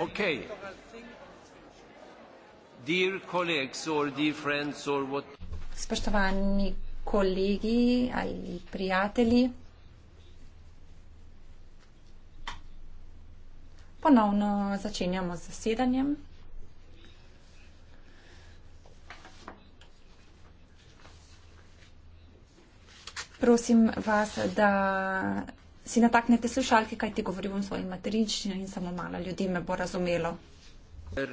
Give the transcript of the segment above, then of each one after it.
Okay. Dear colleagues or dear friends or what... Spoštovani kolegi ali prijatelji, ponovno začenjamo z zasedanjem. Prosim vas, da si nataknete slušalke, kaj ti govorim v svoji materinščini in samo malo ljudi me bo razumelo. Er,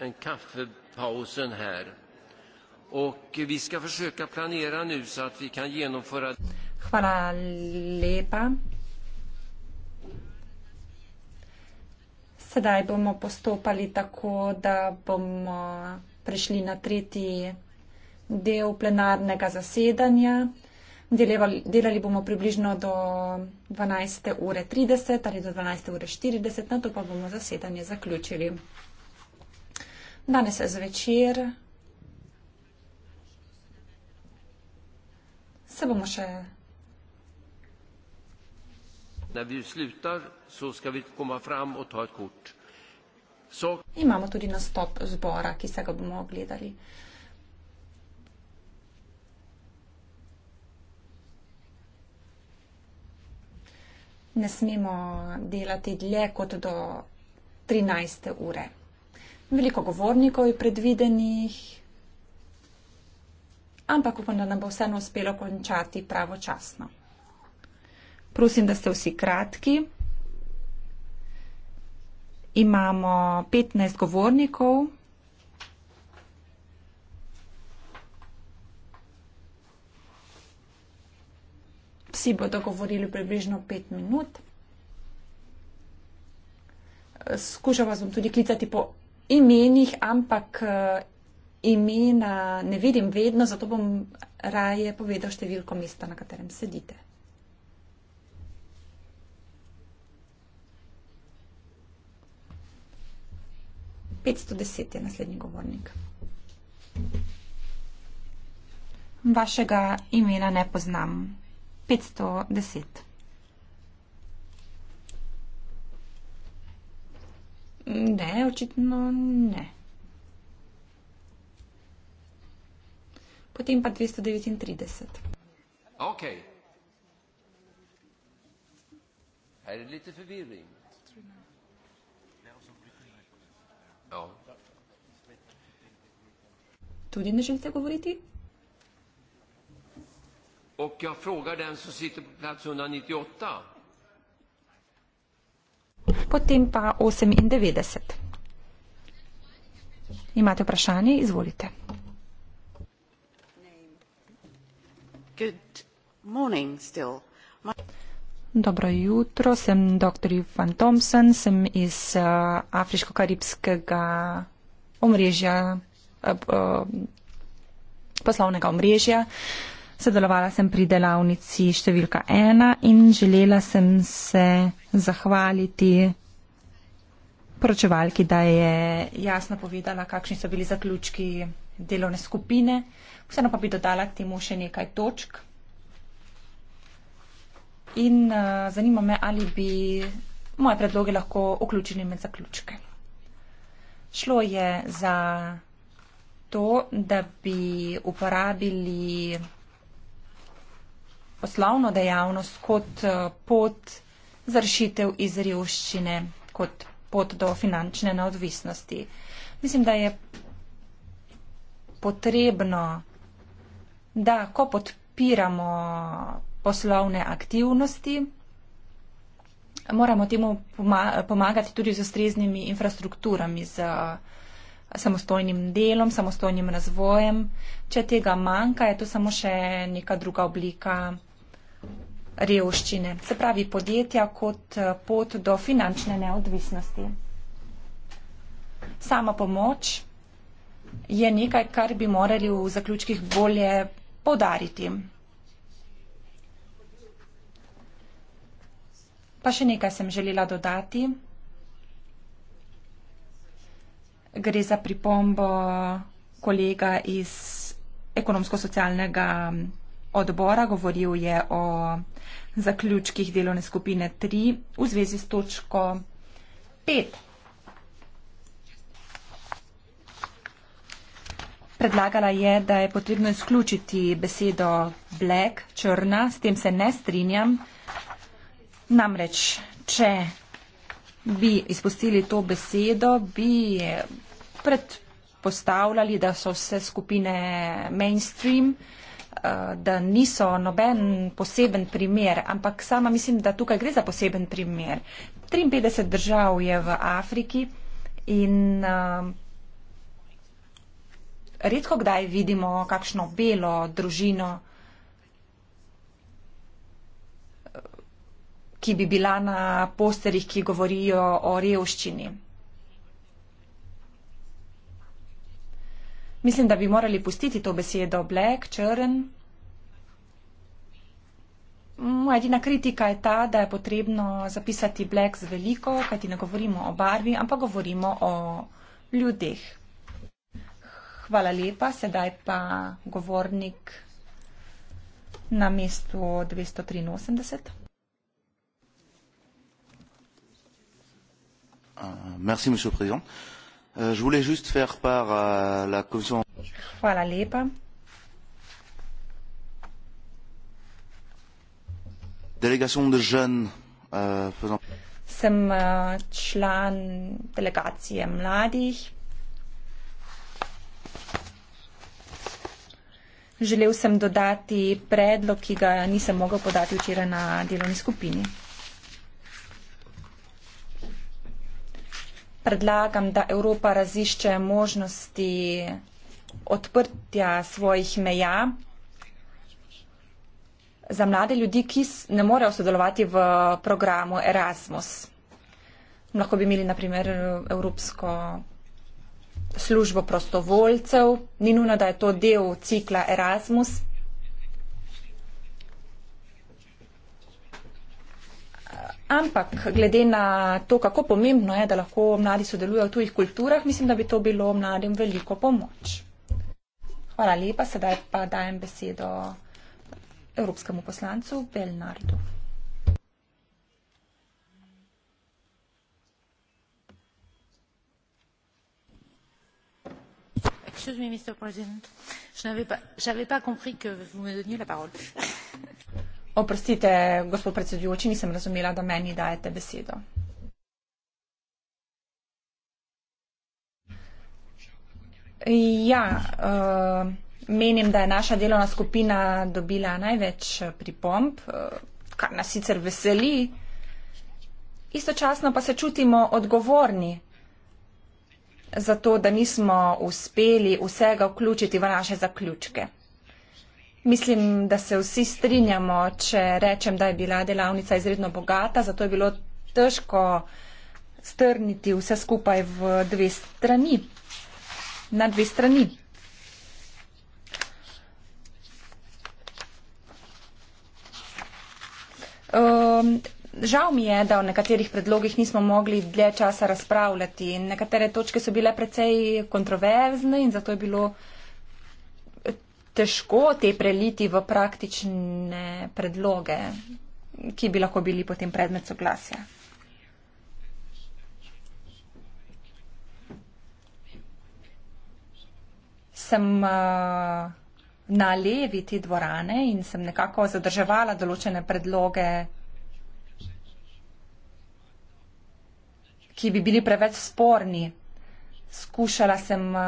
en kafepausen her. Och vi ska försöka planera nu så att vi kan genomföra... Hvala lepa. Sedaj bomo postopali tako, da bomo prišli na tretji del plenarnega zasedanja. Delevali, delali bomo približno do 12.30 ali do 12.40, na to pa bomo zasedanje zaključili. Danes je zvečer. Se bomo še. Da bi slutar, so skavit koma fram od tvojega kurča. So. Imamo tudi nastop zbora, ki se ga bomo ogledali. ne smemo delati dlje kot do 13. ure. Veliko govornikov je predvidenih, ampak upam, da nam bo vseeno uspelo končati pravočasno. Prosim, da ste vsi kratki. Imamo 15 govornikov. Vsi bodo govorili približno pet minut. Skušal vas bom tudi klicati po imenih, ampak eh, imena ne vidim vedno, zato bom raje povedal številko mesta, na katerem sedite. Petsto deset je naslednji govornik. Vašega imena ne poznam. 510. Ne, očitno ne. Potem pa 239. Okay. Er ja. Tudi ne želite govoriti? Och jag frågar den som sitter på plats 198. Potem pa 98. Imate vprašanje? Izvolite. Good morning still. My... Dobro jutro, sem dr. Ivan Thompson, sem iz uh, afriško-karibskega omrežja, uh, uh, poslovnega omrežja. Uh, Sodelovala sem pri delavnici številka ena in želela sem se zahvaliti poročevalki, da je jasno povedala, kakšni so bili zaključki delovne skupine. Vseeno pa bi dodala k temu še nekaj točk. In uh, zanima me, ali bi moje predloge lahko vključili med zaključke. Šlo je za to, da bi uporabili poslovno dejavnost kot eh, pot za rešitev iz revščine, kot pot do finančne neodvisnosti. Mislim, da je potrebno, da ko podpiramo poslovne aktivnosti, moramo temu pomagati tudi z ustreznimi infrastrukturami, z eh, samostojnim delom, samostojnim razvojem. Če tega manjka, je to samo še neka druga oblika revščine, se pravi podjetja kot eh, pot do finančne neodvisnosti. Sama pomoč je nekaj, kar bi morali v zaključkih bolje podariti. Pa še nekaj sem želela dodati. Gre za pripombo kolega iz ekonomsko-socialnega odbora. Govoril je o zaključkih delovne skupine 3 v zvezi s točko 5. Predlagala je, da je potrebno izključiti besedo black, črna, s tem se ne strinjam. Namreč, če bi izpustili to besedo, bi predpostavljali, da so vse skupine mainstream. Eh, da niso noben poseben primer, ampak sama mislim, da tukaj gre za poseben primer. 53 držav je v Afriki in eh, redko kdaj vidimo kakšno belo družino, ki bi bila na posterih, ki govorijo o revščini. Mislim, da bi morali pustiti to besedo black, črn. Moja edina kritika je ta, da je potrebno zapisati black z veliko, kajti ne govorimo o barvi, ampak govorimo o ljudeh. Hvala lepa, sedaj pa govornik na mestu 283. Uh, ah, merci, monsieur le président. Uh, Euh, je voulais juste faire part à la commission. Hvala lepa. Delegation de jeunes euh, faisant. Sem euh, član delegacije mladih. Želel sem dodati predlog, ki ga nisem mogel podati včeraj na delovni skupini. predlagam, da Evropa razišče možnosti odprtja svojih meja za mlade ljudi, ki ne morejo sodelovati v programu Erasmus. Lahko bi imeli naprimer Evropsko službo prostovoljcev, ni nujno, da je to del cikla Erasmus. ampak glede na to, kako pomembno je, da lahko mladi sodelujo v tujih kulturah, mislim, da bi to bilo mladim veliko pomoč. Hvala lepa, sedaj pa dajem besedo evropskemu poslancu Belnardu. Excuse me, Mr. President. Je n'avais pas, pas compris que vous me donniez la parole. Oprostite, gospod predsedujoči, nisem razumela, da meni dajete besedo. Ja, eh, menim, da je naša delovna skupina dobila največ eh, pripomb, eh, kar nas sicer veseli, istočasno pa se čutimo odgovorni za to, da nismo uspeli vsega vključiti v naše zaključke. Mislim, da se vsi strinjamo, če rečem, da je bila delavnica izredno bogata, zato je bilo težko strniti vse skupaj v dve strani. Na dve strani. Um, žal mi je, da o nekaterih predlogih nismo mogli dlje časa razpravljati. Nekatere točke so bile precej kontroverzne in zato je bilo težko te preliti v praktične predloge, ki bi lahko bili potem predmet soglasja. Sem uh, na levi te dvorane in sem nekako zadrževala določene predloge, ki bi bili preveč sporni skušala sem uh,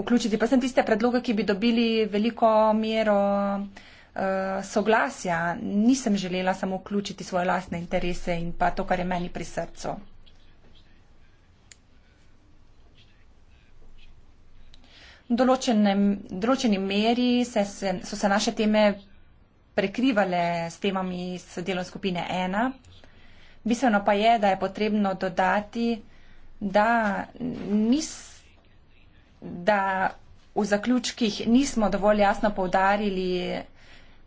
vključiti. Pa sem tiste predloge, ki bi dobili veliko mero uh, soglasja. Nisem želela samo vključiti svoje lastne interese in pa to, kar je meni pri srcu. V določeni meri se, se, so se naše teme prekrivale s temami iz delovne skupine 1. Bistveno pa je, da je potrebno dodati, da, nis, da v zaključkih nismo dovolj jasno povdarili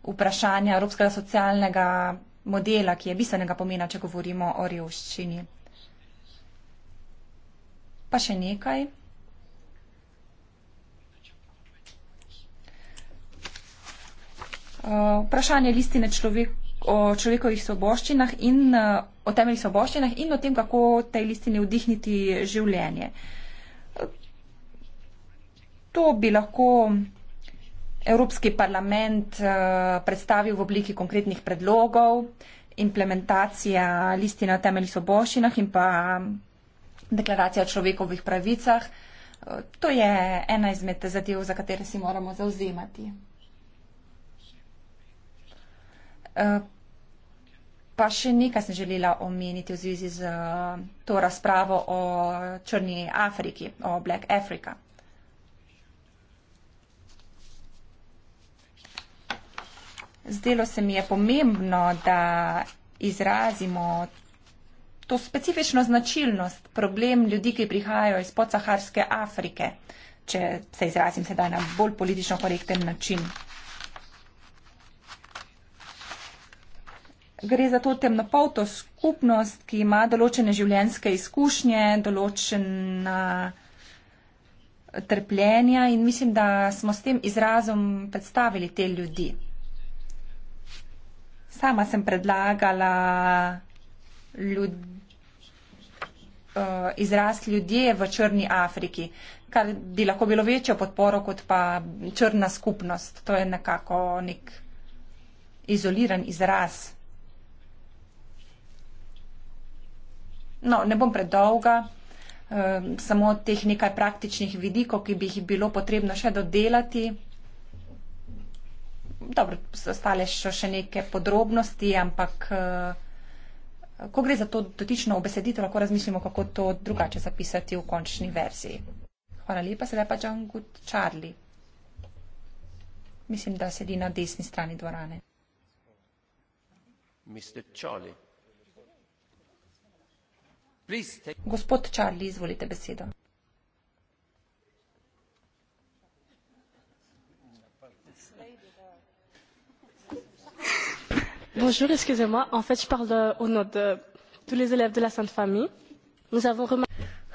vprašanja evropskega socialnega modela, ki je bistvenega pomena, če govorimo o revščini. Pa še nekaj. Vprašanje listine človeka o človekovih svoboščinah in eh, o temeljih svoboščinah in o tem, kako tej listini vdihniti življenje. To bi lahko Evropski parlament eh, predstavil v obliki konkretnih predlogov, implementacija listine o temeljih svoboščinah in pa deklaracija o človekovih pravicah. Eh, to je ena izmed zadev, za katere si moramo zauzemati. Pa še nekaj sem želela omeniti v zvezi z uh, to razpravo o črni Afriki, o Black Africa. Zdelo se mi je pomembno, da izrazimo to specifično značilnost, problem ljudi, ki prihajajo iz podsaharske Afrike, če se izrazim sedaj na bolj politično korekten način. gre za to temnopolto skupnost, ki ima določene življenjske izkušnje, določena trpljenja in mislim, da smo s tem izrazom predstavili te ljudi. Sama sem predlagala ljud, eh, izraz ljudje v Črni Afriki, kar bi lahko bilo večjo podporo kot pa črna skupnost. To je nekako nek izoliran izraz. No, ne bom predolga, ehm, samo teh nekaj praktičnih vidikov, ki bi jih bilo potrebno še dodelati. Dobro, ostale so še neke podrobnosti, ampak eh, ko gre za to dotično obeseditev, lahko razmislimo, kako to drugače zapisati v končni verziji. Hvala lepa, sedaj pa John Good Charlie. Mislim, da sedi na desni strani dvorane. Mr. Charlie. Gospod Charlie, izvolite besedo. Bonjour, excusez-moi. En fait, je parle au nom de tous les élèves de la Sainte Famille. Nous avons remarqué.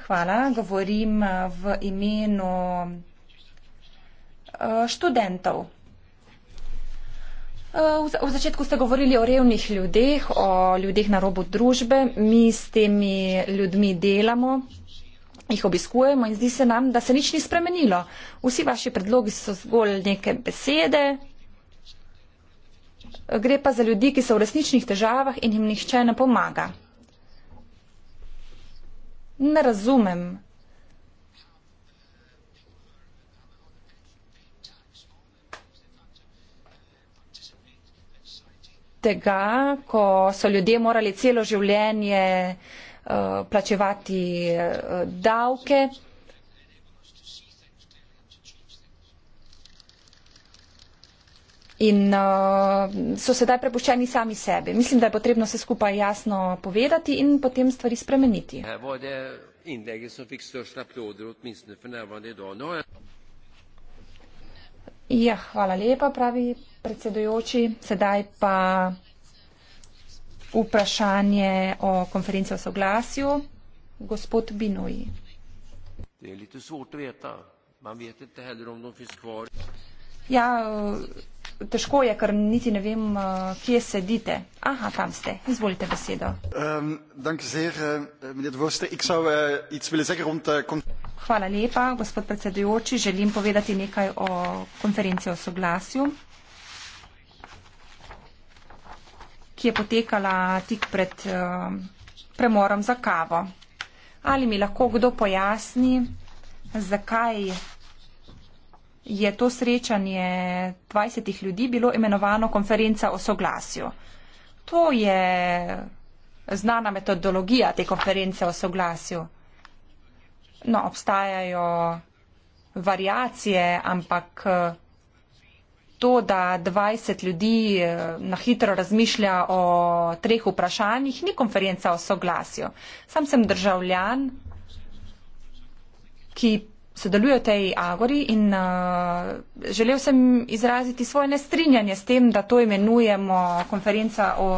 Hvala, govorim eh, v imenu eh, študentov Eh, v začetku ste govorili o revnih ljudeh, o ljudeh na robu družbe. Mi s temi ljudmi delamo, jih obiskujemo in zdi se nam, da se nič ni spremenilo. Vsi vaši predlogi so zgolj neke besede. Gre pa za ljudi, ki so v resničnih težavah in jim nihče ne pomaga. Ne razumem, tega, ko so ljudje morali celo življenje eh, plačevati eh, davke. In uh, so sedaj prepuščeni sami sebi. Mislim, da je potrebno se skupaj jasno povedati in potem stvari spremeniti. Ja, hvala lepa, pravi predsedujoči. Sedaj pa vprašanje o konferenci o soglasju. Gospod Binoji. Er ja, težko je, ker niti ne vem, eh, kje sedite. Aha, tam ste. Izvolite besedo. Um, dank zeer, uh, Ik zou, uh, iets rond, uh, Hvala lepa, gospod predsedujoči. Želim povedati nekaj o konferenci o soglasju, ki je potekala tik pred uh, premorom za kavo. Ali mi lahko kdo pojasni, zakaj je to srečanje 20 ljudi bilo imenovano konferenca o soglasju. To je znana metodologija te konference o soglasju. No, obstajajo variacije, ampak to, da 20 ljudi na hitro razmišlja o treh vprašanjih, ni konferenca o soglasju. Sam sem državljan, ki sodeluje v tej agori in uh, želel sem izraziti svoje nestrinjanje s tem, da to imenujemo konferenca o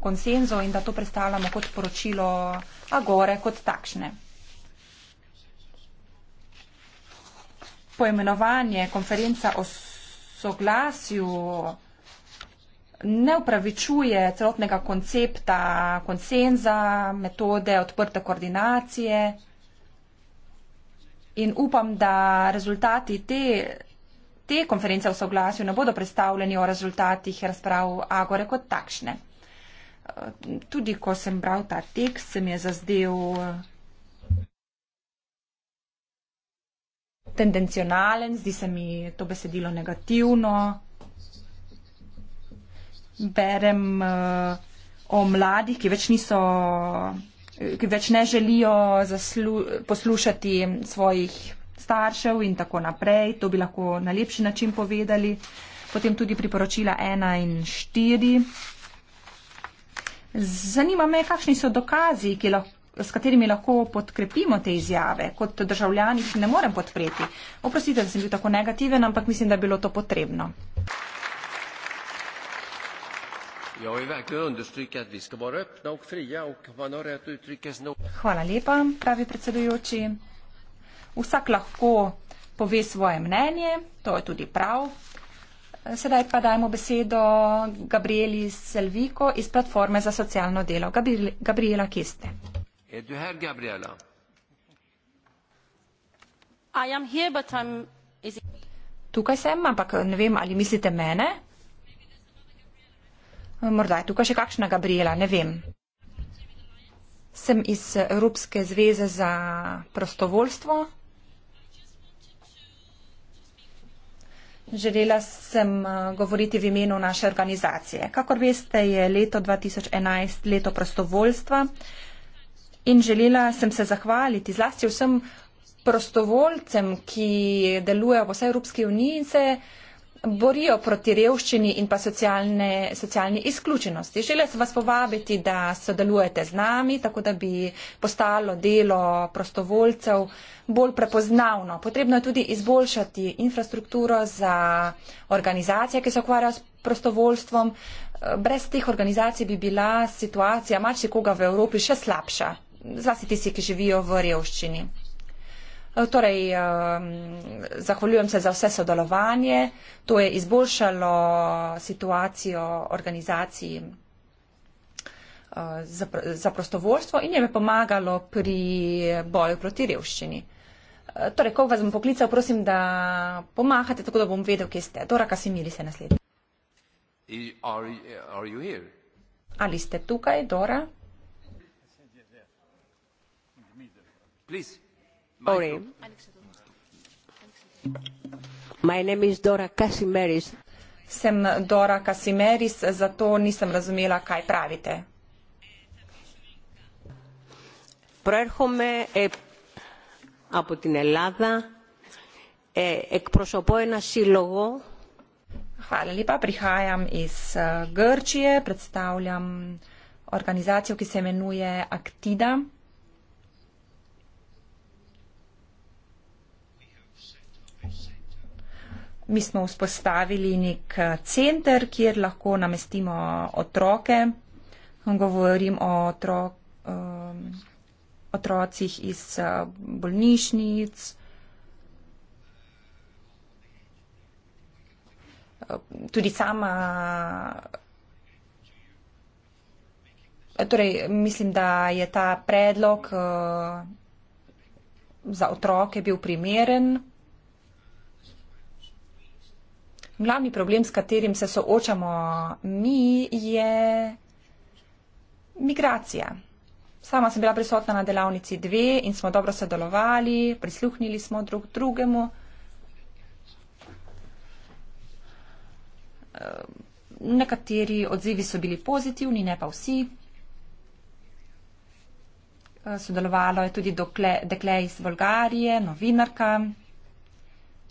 konsenzu in da to predstavljamo kot poročilo agore kot takšne. Poimenovanje konferenca o soglasju ne upravičuje celotnega koncepta konsenza, metode odprte koordinacije in upam, da rezultati te, te konference v soglasju ne bodo predstavljeni o rezultatih razprav Agore kot takšne. Eh, tudi ko sem bral ta tekst, se mi je zazdel eh, tendencionalen, zdi se mi to besedilo negativno. Berem uh, o mladih, ki več niso ki več ne želijo zaslu, poslušati svojih staršev in tako naprej. To bi lahko na lepši način povedali. Potem tudi priporočila 1 in 4. Zanima me, kakšni so dokazi, lahko, s katerimi lahko podkrepimo te izjave. Kot državljani jih ne morem podpreti. Oprostite, da sem bil tako negativen, ampak mislim, da je bilo to potrebno. Jag vill verkligen understryka att vi ska vara öppna och fria och man har rätt att uttrycka sina Hvala lepa, pravi predsedujoči. Vsak lahko pove svoje mnenje, to je tudi prav. Sedaj pa dajmo besedo Gabrieli Selviko iz platforme za socialno delo. Gabriela, kje ste? Je er tu her Gabriela? Tukaj sem, ampak ne vem, ali mislite mene? Morda je tukaj še kakšna Gabriela, ne vem. Sem iz Evropske zveze za prostovoljstvo. Želela sem eh, govoriti v imenu naše organizacije. Kakor veste, je leto 2011 leto prostovoljstva in želela sem se zahvaliti zlasti vsem prostovoljcem, ki delujejo v vsej Evropski uniji in se borijo proti revščini in pa socialne, socialni izključenosti. Žele se vas povabiti, da sodelujete z nami, tako da bi postalo delo prostovoljcev bolj prepoznavno. Potrebno je tudi izboljšati infrastrukturo za organizacije, ki se ukvarjajo s prostovoljstvom. Brez teh organizacij bi bila situacija marsikoga v Evropi še slabša, zlasti tisti, ki živijo v revščini. Eh, torej, ehm, zahvaljujem se za vse sodelovanje. To je izboljšalo situacijo organizaciji eh, za prostovoljstvo in je me pomagalo pri boju proti revščini. Eh, torej, ko vas bom poklical, prosim, da pomahate, tako da bom vedel, kje ste. Dora Kasimiri se naslednji. Ali ste tukaj, Dora? Prosim morning. My name is Dora Casimeris. Sem Dora Casimeris, zato nisem razumela, kaj pravite. Προέρχομαι ε, από την Ελλάδα, ε, εκπροσωπώ ένα σύλλογο. Χάλα λοιπόν, πριχάιαμ εις Γκέρτσιε, πρετστάουλιαμ οργανιζάτσιο και σε μενούιε Ακτίδα. Mi smo vzpostavili nek eh, center, kjer lahko namestimo otroke. Govorim o otrok, um, otrocih iz eh, bolnišnic. Eh, tudi sama. Torej, mislim, da je ta predlog uh, za otroke bil primeren glavni problem, s katerim se soočamo mi, je migracija. Sama sem bila prisotna na delavnici dve in smo dobro sodelovali, prisluhnili smo drug drugemu. Ehm, nekateri odzivi so bili pozitivni, ne pa vsi. Ehm, sodelovalo je tudi dokle, dekle iz Bolgarije, novinarka,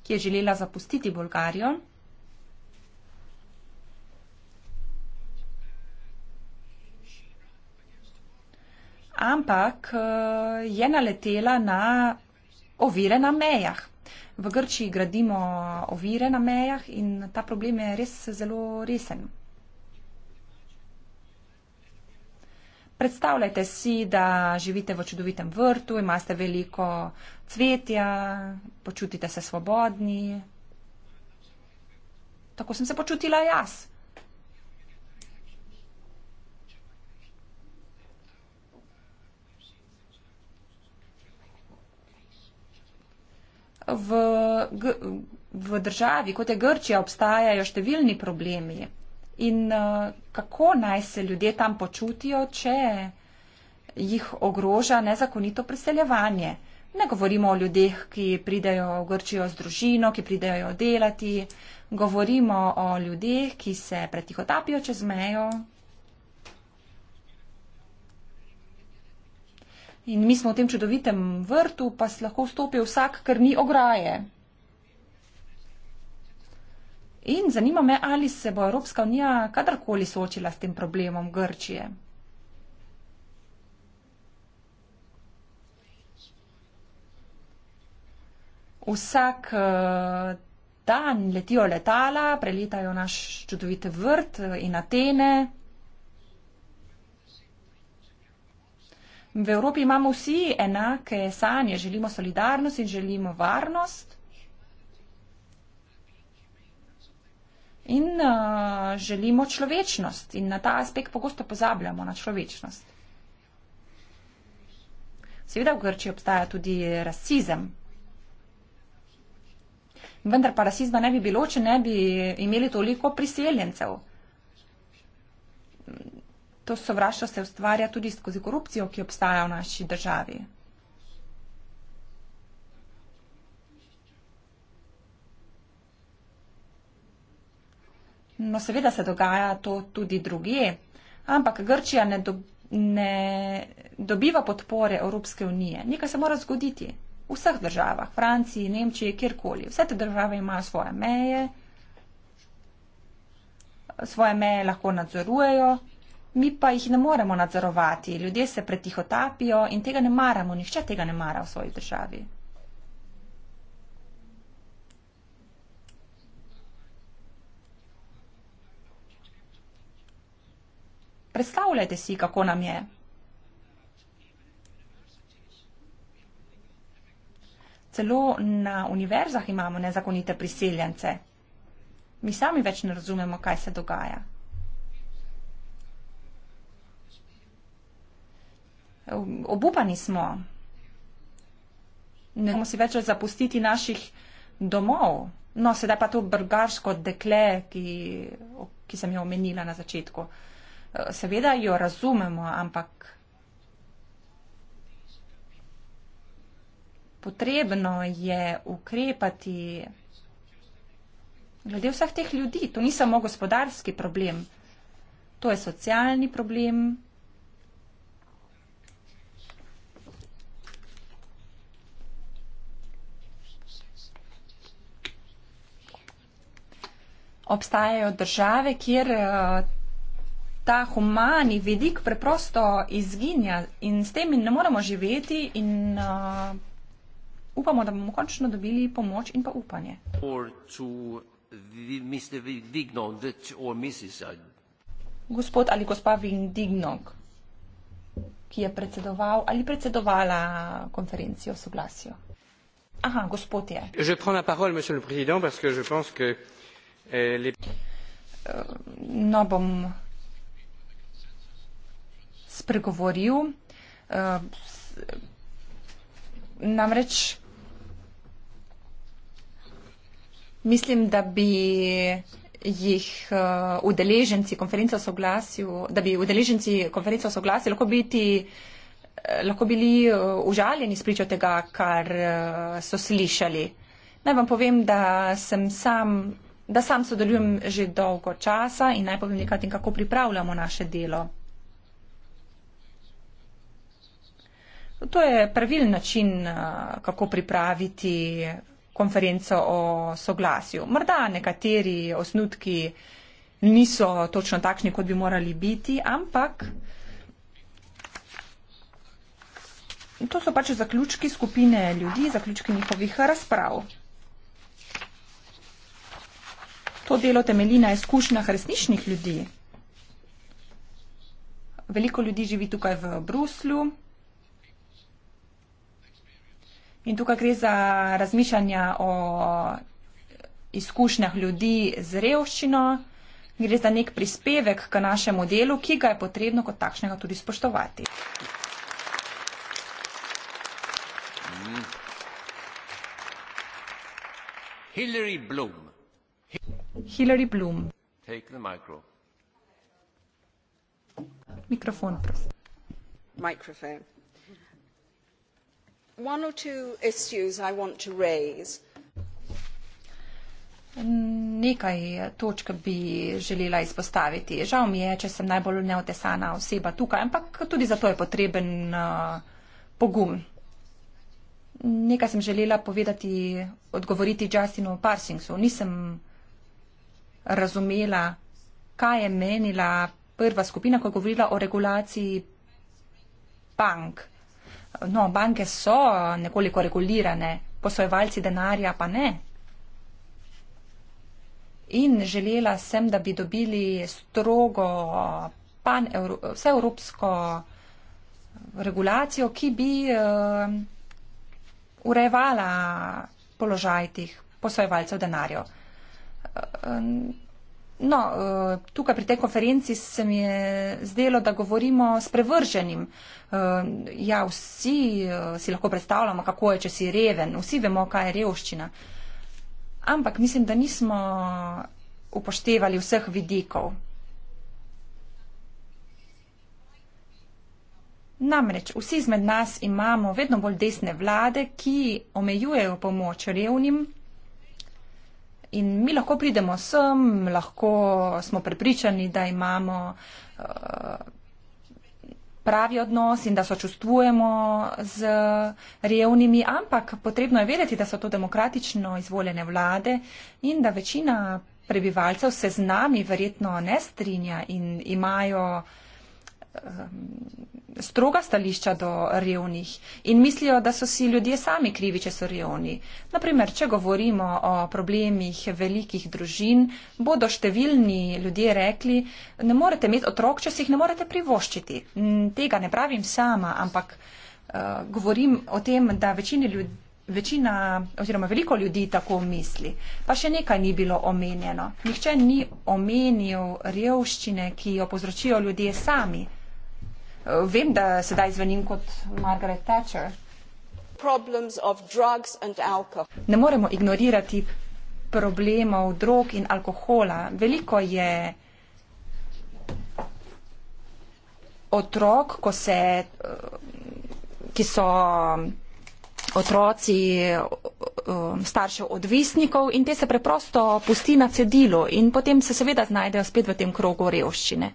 ki je želela zapustiti Bolgarijo. ampak eh, je naletela na ovire na mejah. V Grčiji gradimo ovire na mejah in ta problem je res zelo resen. Predstavljajte si, da živite v čudovitem vrtu, imate veliko cvetja, počutite se svobodni. Tako sem se počutila jaz. v, v državi, kot je Grčija, obstajajo številni problemi. In eh, kako naj se ljudje tam počutijo, če jih ogroža nezakonito preseljevanje? Ne govorimo o ljudeh, ki pridejo v Grčijo z družino, ki pridejo delati, govorimo o ljudeh, ki se pretihotapijo čez mejo, In mi smo v tem čudovitem vrtu, pa se lahko vstopi vsak, ker ni ograje. In zanima me, ali se bo Evropska unija kadarkoli soočila s tem problemom Grčije. Vsak eh, dan letijo letala, preletajo naš čudovit vrt in Atene. V Evropi imamo vsi enake sanje, želimo solidarnost in želimo varnost. In uh, želimo človečnost in na ta aspekt pogosto pozabljamo na človečnost. Seveda v Grčiji obstaja tudi rasizem. Vendar pa rasizma ne bi bilo, če ne bi imeli toliko priseljencev. To sovraštvo se ustvarja tudi skozi korupcijo, ki obstaja v naši državi. No, seveda se dogaja to tudi druge, ampak Grčija ne, do, ne dobiva podpore Evropske unije. Nekaj se mora zgoditi v vseh državah, Franciji, Nemčiji, kjerkoli. Vse te države imajo svoje meje, svoje meje lahko nadzorujejo mi pa jih ne moremo nadzorovati. Ljudje se pretihotapijo in tega ne maramo, nihče tega ne mara v svoji državi. Predstavljajte si, kako nam je. Celo na univerzah imamo nezakonite priseljence. Mi sami več ne razumemo, kaj se dogaja. obupani smo. Ne moremo si več zapustiti naših domov. No, sedaj pa to brgarsko dekle, ki, ki sem jo omenila na začetku. Eh, seveda jo razumemo, ampak potrebno je ukrepati glede vseh teh ljudi. To ni samo gospodarski problem, to je socialni problem. obstajajo države, kjer eh, ta humani vidik preprosto izginja in s tem ne moremo živeti in uh, upamo, da bomo končno dobili pomoč in pa upanje. Uh, gospod ali gospa Vindignog, ki je predsedoval ali predsedovala konferencijo soglasijo. Aha, gospod je. Eh, eh, no, bom spregovoril. Eh, namreč mislim, da bi jih udeleženci konference o soglasju, da bi udeleženci konference o soglasju lahko biti lahko bili užaljeni spričo tega, kar so slišali. Naj vam povem, da sem sam da sam sodelujem že dolgo časa in naj povem nekaj o tem, kako pripravljamo naše delo. To je pravilni način, eh, kako pripraviti konferenco o soglasju. Morda nekateri osnutki niso točno takšni, kot bi morali biti, ampak to so pač zaključki skupine ljudi, zaključki njihovih razprav. To delo temelji na izkušnjah resničnih ljudi. Veliko ljudi živi tukaj v Bruslju. In tukaj gre za razmišljanja o izkušnjah ljudi z revščino. Gre za nek prispevek k našemu delu, ki ga je potrebno kot takšnega tudi spoštovati. Hillary Bloom one or two issues i want to raise nekaj točk bi želela izpostaviti. Žal mi je, če sem najbolj neotesana oseba tukaj, ampak tudi zato je potreben uh, pogum. Nekaj sem želela povedati, odgovoriti Justinu Parsingsu. Nisem razumela, kaj je menila prva skupina, ko je govorila o regulaciji bank. No, banke so nekoliko regulirane, posojevalci denarja pa ne. In želela sem, da bi dobili strogo vseevropsko regulacijo, ki bi uh, urejevala položaj tih posojevalcev denarjev. No, tukaj pri tej konferenci se mi je zdelo, da govorimo s prevrženim. Ja, vsi si lahko predstavljamo, kako je, če si reven, vsi vemo, kaj je revščina. Ampak mislim, da nismo upoštevali vseh vidikov. Namreč vsi izmed nas imamo vedno bolj desne vlade, ki omejujejo pomoč revnim In mi lahko pridemo sem, lahko smo prepričani, da imamo eh, pravi odnos in da sočustvujemo z revnimi, ampak potrebno je vedeti, da so to demokratično izvoljene vlade in da večina prebivalcev se z nami verjetno ne strinja in imajo. Um, stroga stališča do revnih in mislijo, da so si ljudje sami krivi, če so revni. Naprimer, če govorimo o problemih velikih družin, bodo številni ljudje rekli, ne morete imeti otrok, če si jih ne morete privoščiti. Tega ne pravim sama, ampak uh, govorim o tem, da večini ljudi. Večina oziroma veliko ljudi tako misli. Pa še nekaj ni bilo omenjeno. Nihče ni omenil revščine, ki jo povzročijo ljudje sami vem, da sedaj zvenim kot Margaret Thatcher. Ne moremo ignorirati problemov drog in alkohola. Veliko je otrok, se, ki so otroci staršev odvisnikov in te se preprosto pusti na cedilu in potem se seveda znajdejo spet v tem krogu revščine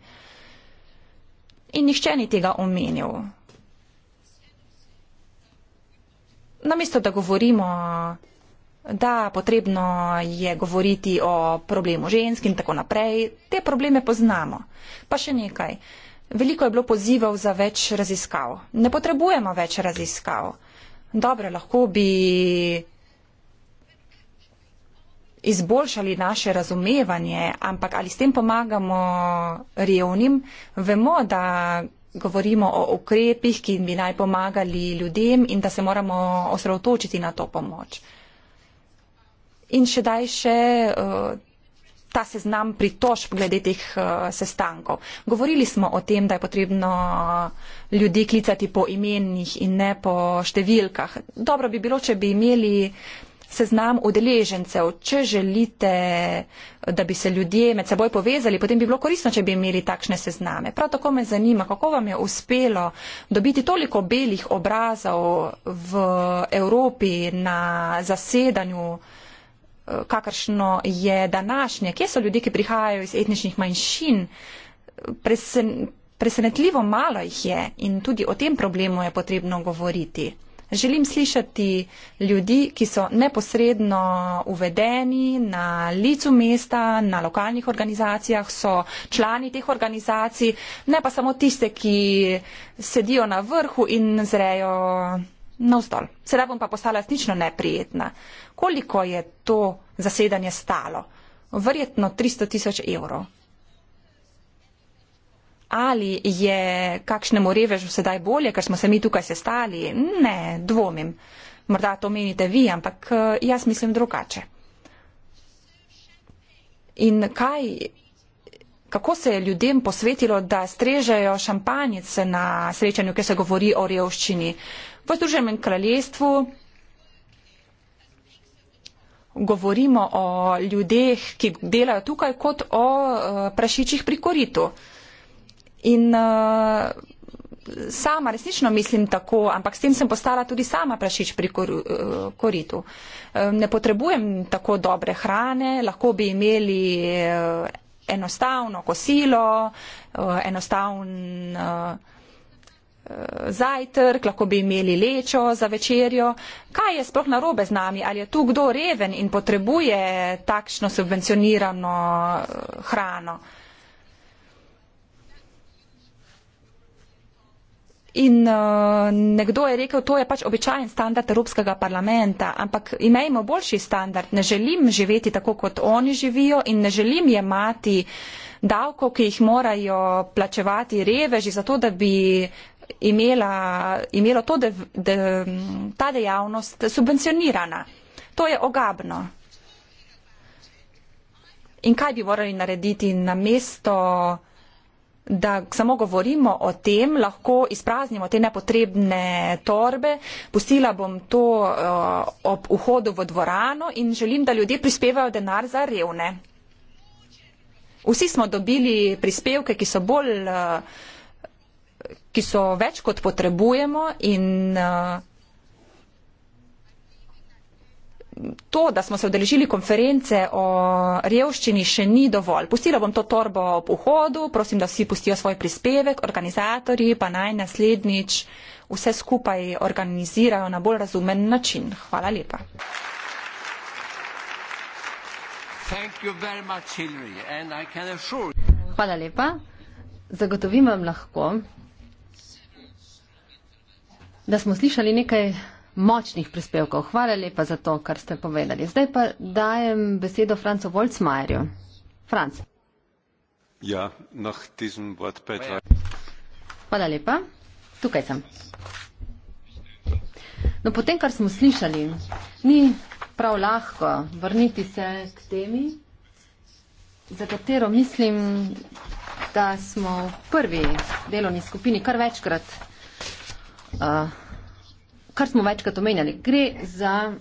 in nihče ni tega omenil. Namesto, da govorimo, da potrebno je govoriti o problemu žensk in tako naprej, te probleme poznamo. Pa še nekaj. Veliko je bilo pozivov za več raziskav. Ne potrebujemo več raziskav. Dobro, lahko bi izboljšali naše razumevanje, ampak ali s tem pomagamo revnim, vemo, da govorimo o ukrepih, ki bi naj pomagali ljudem in da se moramo osredotočiti na to pomoč. In še daj še eh, ta seznam pritožb glede teh eh, sestankov. Govorili smo o tem, da je potrebno eh, ljudi klicati po imenih in ne po številkah. Dobro bi bilo, če bi imeli seznam udeležencev, če želite, da bi se ljudje med seboj povezali, potem bi bilo koristno, če bi imeli takšne sezname. Prav tako me zanima, kako vam je uspelo dobiti toliko belih obrazov v Evropi na zasedanju, kakršno je današnje. Kje so ljudje, ki prihajajo iz etničnih manjšin? Presen, presenetljivo malo jih je in tudi o tem problemu je potrebno govoriti. Želim slišati ljudi, ki so neposredno uvedeni na licu mesta, na lokalnih organizacijah, so člani teh organizacij, ne pa samo tiste, ki sedijo na vrhu in zrejo navzdol. Sedaj bom pa postala resnično neprijetna. Koliko je to zasedanje stalo? Verjetno 300 tisoč evrov ali je kakšnemu revežu sedaj bolje, ker smo se mi tukaj sestali, ne, dvomim. Morda to menite vi, ampak eh, jaz mislim drugače. In kaj, kako se je ljudem posvetilo, da strežejo šampanjice na srečanju, ki se govori o revščini? V Združenem kraljestvu govorimo o ljudeh, ki delajo tukaj kot o eh, prašičih pri koritu. In uh, sama resnično mislim tako, ampak s tem sem postala tudi sama prašič pri kor, uh, koritu. Uh, ne potrebujem tako dobre hrane, lahko bi imeli. Uh, enostavno kosilo, uh, enostavn uh, uh, zajtrk, lahko bi imeli lečo za večerjo. Kaj je sploh narobe z nami? Ali je tu kdo reven in potrebuje takšno subvencionirano uh, hrano? Uh, In uh, nekdo je rekel, to je pač običajen standard Evropskega parlamenta, ampak imejmo boljši standard. Ne želim živeti tako, kot oni živijo in ne želim jemati davko, ki jih morajo plačevati reveži, zato da bi imela, imelo to, da je ta dejavnost subvencionirana. To je ogabno. In kaj bi morali narediti na mesto? da samo govorimo o tem, lahko izpraznimo te nepotrebne torbe. Pustila bom to uh, ob vhodu v dvorano in želim, da ljudje prispevajo denar za revne. Vsi smo dobili prispevke, ki so bolj. Uh, ki so več kot potrebujemo in uh, to, da smo se odeležili konference o revščini, še ni dovolj. Pustila bom to torbo ob vhodu, prosim, da vsi pustijo svoj prispevek, organizatorji pa naj naslednjič vse skupaj organizirajo na bolj razumen način. Hvala lepa. Hvala lepa. Zagotovim vam lahko, da smo slišali nekaj močnih prispevkov. Hvala lepa za to, kar ste povedali. Zdaj pa dajem besedo Francu Volcmajerju. Franc. Ja, nach diesem Wort Petra. Hvala lepa. Tukaj sem. No, potem, kar smo slišali, ni prav lahko vrniti se k temi, za katero mislim, da smo v prvi delovni skupini kar večkrat uh, kar smo večkrat omenjali, gre za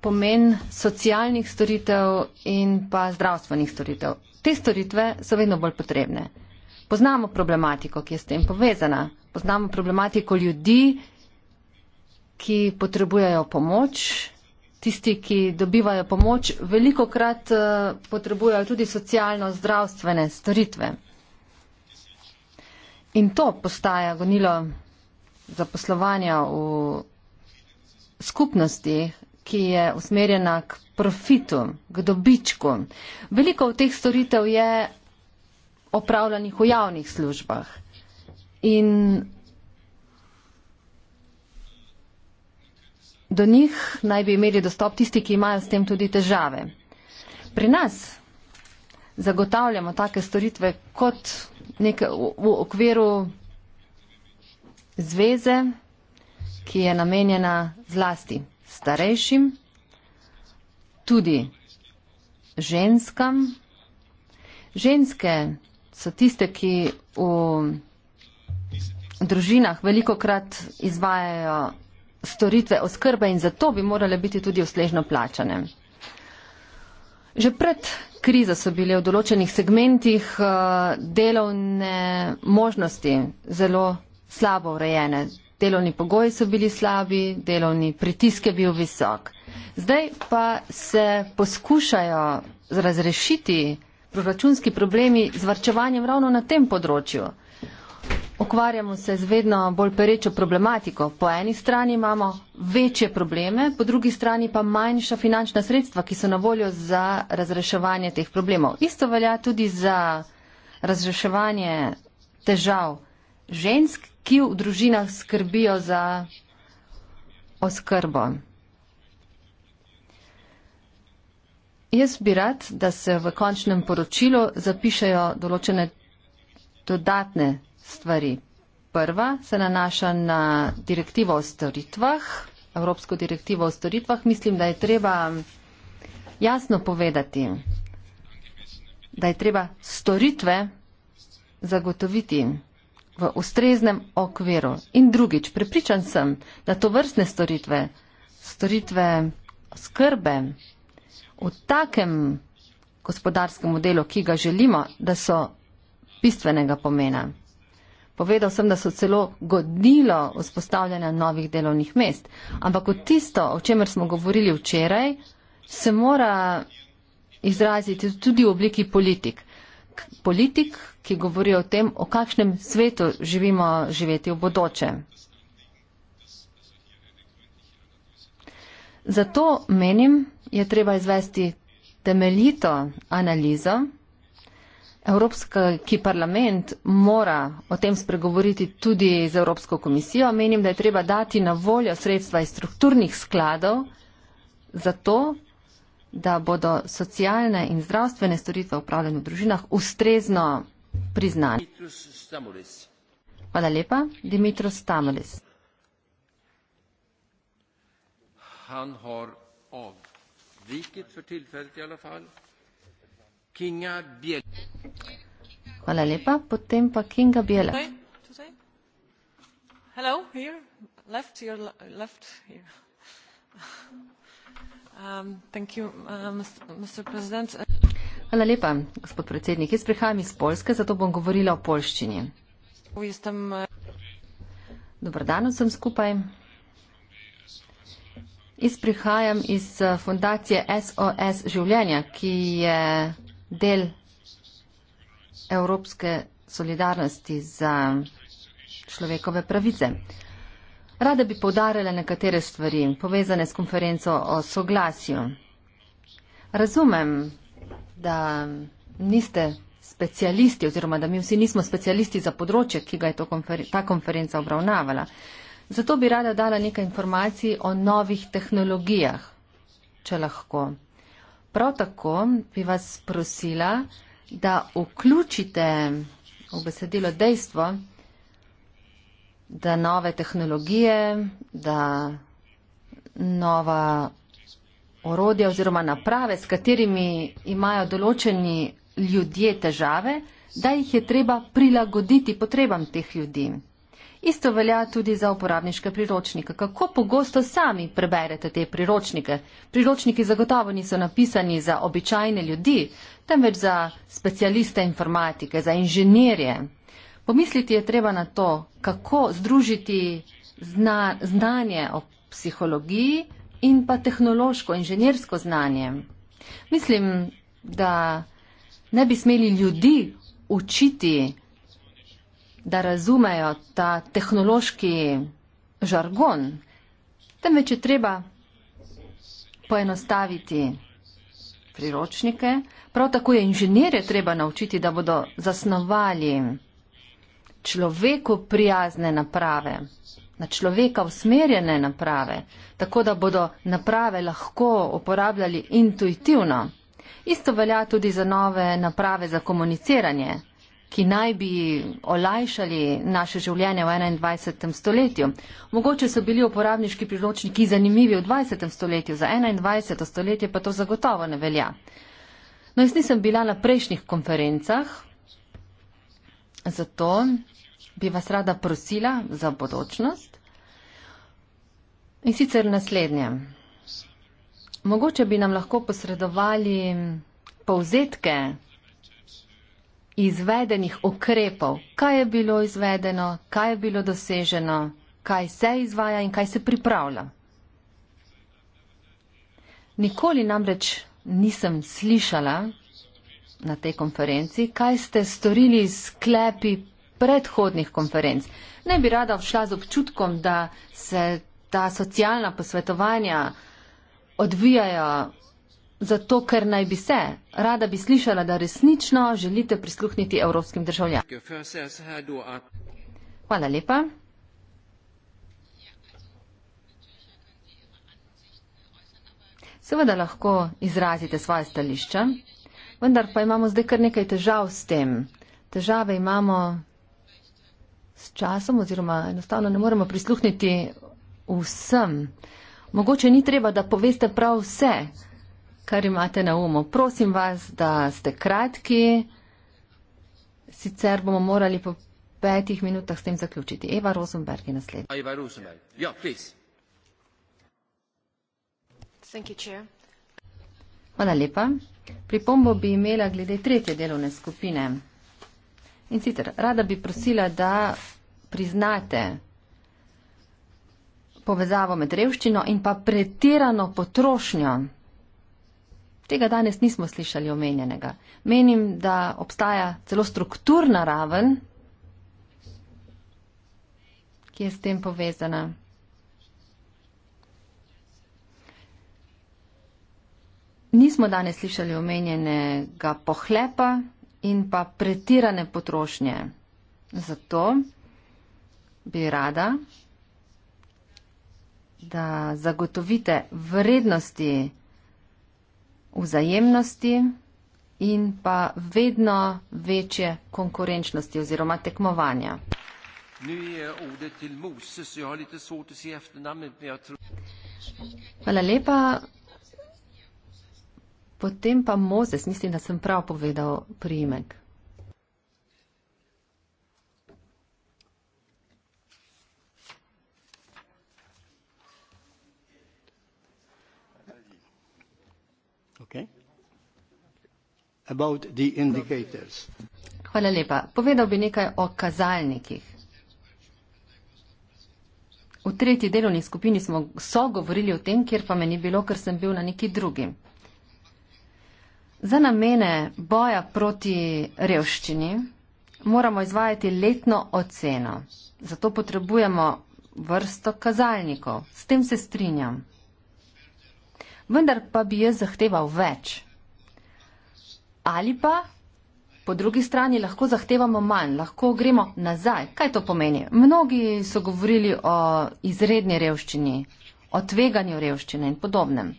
pomen socialnih storitev in pa zdravstvenih storitev. Te storitve so vedno bolj potrebne. Poznamo problematiko, ki je s tem povezana. Poznamo problematiko ljudi, ki potrebujejo pomoč. Tisti, ki dobivajo pomoč, veliko krat eh, potrebujejo tudi socialno-zdravstvene storitve. In to postaja gonilo zaposlovanja v skupnosti, ki je usmerjena k profitu, k dobičku. Veliko v teh storitev je opravljanih v javnih službah. In do njih naj bi imeli dostop tisti, ki imajo s tem tudi težave. Pri nas zagotavljamo take storitve kot neke v okviru zveze, ki je namenjena zlasti starejšim, tudi ženskam. Ženske so tiste, ki v družinah veliko krat izvajajo storitve oskrbe in zato bi morale biti tudi uslužno plačane. Že pred krizo so bile v določenih segmentih eh, delovne možnosti zelo slabo urejene delovni pogoji so bili slabi, delovni pritisk je bil visok. Zdaj pa se poskušajo razrešiti proračunski problemi z varčevanjem ravno na tem področju. Okvarjamo se z vedno bolj perečo problematiko. Po eni strani imamo večje probleme, po drugi strani pa manjša finančna sredstva, ki so na voljo za razreševanje teh problemov. Isto velja tudi za razreševanje težav žensk, ki v družinah skrbijo za oskrbo. Jaz bi rad, da se v končnem poročilu zapišajo določene dodatne stvari. Prva se nanaša na direktivo o storitvah, Evropsko direktivo o storitvah. Mislim, da je treba jasno povedati, da je treba storitve zagotoviti v ustreznem okviru. In drugič, prepričan sem, da to vrstne storitve, storitve skrbe v takem gospodarskem modelu, ki ga želimo, da so bistvenega pomena. Povedal sem, da so celo godnilo vzpostavljanja novih delovnih mest. Ampak v tisto, o čemer smo govorili včeraj, se mora izraziti tudi v obliki politik nek politik, ki govori o tem, o kakšnem svetu živimo živeti v bodoče. Zato menim, je treba izvesti temeljito analizo. Evropski parlament mora o tem spregovoriti tudi z Evropsko komisijo. Menim, da je treba dati na voljo sredstva iz strukturnih skladov, zato da bodo socialne in zdravstvene storitve upravljene v družinah ustrezno priznane. Hvala lepa, Dimitros Stamolis. Hvala lepa, potem pa Kinga Biela. Hello, here, left, here, left, here. Um, uh, Hvala lepa, gospod predsednik. Jaz prihajam iz Poljske, zato bom govorila o polščini. Oh, uh, Dobro dan vsem skupaj. Jaz prihajam iz uh, fundacije SOS življenja, ki je del Evropske solidarnosti za človekove pravice. Rada bi povdarjala nekatere stvari povezane s konferenco o soglasju. Razumem, da niste specialisti oziroma da mi vsi nismo specialisti za področje, ki ga je konfer ta konferenca obravnavala. Zato bi rada dala nekaj informacij o novih tehnologijah, če lahko. Prav tako bi vas prosila, da vključite v besedilo dejstvo, da nove tehnologije, da nova orodja oziroma naprave, s katerimi imajo določeni ljudje težave, da jih je treba prilagoditi potrebam teh ljudi. Isto velja tudi za uporabniške priročnike. Kako pogosto sami preberete te priročnike? Priročniki zagotovo niso napisani za običajne ljudi, temveč za specialiste informatike, za inženirje. Pomisliti je treba na to, kako združiti zna, znanje o psihologiji in pa tehnološko, inženjersko znanje. Mislim, da ne bi smeli ljudi učiti, da razumejo ta tehnološki žargon, temveč je treba poenostaviti priročnike, prav tako je inženirje treba naučiti, da bodo zasnovali človeku prijazne naprave, na človeka usmerjene naprave, tako da bodo naprave lahko uporabljali intuitivno. Isto velja tudi za nove naprave za komuniciranje, ki naj bi olajšali naše življenje v 21. stoletju. Mogoče so bili uporabniški priročniki zanimivi v 20. stoletju, za 21. stoletje pa to zagotovo ne velja. No, jaz nisem bila na prejšnjih konferencah, Zato bi vas rada prosila za bodočnost in sicer naslednje. Mogoče bi nam lahko posredovali povzetke izvedenih okrepov, kaj je bilo izvedeno, kaj je bilo doseženo, kaj se izvaja in kaj se pripravlja. Nikoli namreč nisem slišala, na tej konferenci, kaj ste storili s klepi predhodnih konferenc. Ne bi rada šla z občutkom, da se ta socialna posvetovanja odvijajo zato, ker naj bi se. Rada bi slišala, da resnično želite prisluhniti evropskim državljanom. Hvala lepa. Seveda lahko izrazite svoje stališče vendar pa imamo zdaj kar nekaj težav s tem. Težave imamo s časom oziroma enostavno ne moremo prisluhniti vsem. Mogoče ni treba, da poveste prav vse, kar imate na umu. Prosim vas, da ste kratki, sicer bomo morali po petih minutah s tem zaključiti. Eva Rosenberg je naslednja. Eva Rosenberg, ja, prosim. Thank you, Chair. Hvala lepa. Pripombo bi imela glede tretje delovne skupine. In sicer, rada bi prosila, da priznate povezavo med revščino in pa pretirano potrošnjo. Tega danes nismo slišali omenjenega. Menim, da obstaja celo strukturna raven, ki je s tem povezana. Nismo danes slišali omenjenega pohlepa in pa pretirane potrošnje. Zato bi rada, da zagotovite vrednosti vzajemnosti in pa vedno večje konkurenčnosti oziroma tekmovanja. Hvala lepa. Potem pa Mozes, mislim, da sem prav povedal priimek. Hvala lepa. Povedal bi nekaj o kazalnikih. V tretji delovni skupini smo sogovorili o tem, kjer pa me ni bilo, ker sem bil na neki drugi. Za namene boja proti revščini moramo izvajati letno oceno. Zato potrebujemo vrsto kazalnikov. S tem se strinjam. Vendar pa bi jaz zahteval več. Ali pa po drugi strani lahko zahtevamo manj, lahko gremo nazaj. Kaj to pomeni? Mnogi so govorili o izredni revščini, o tveganju revščine in podobnem.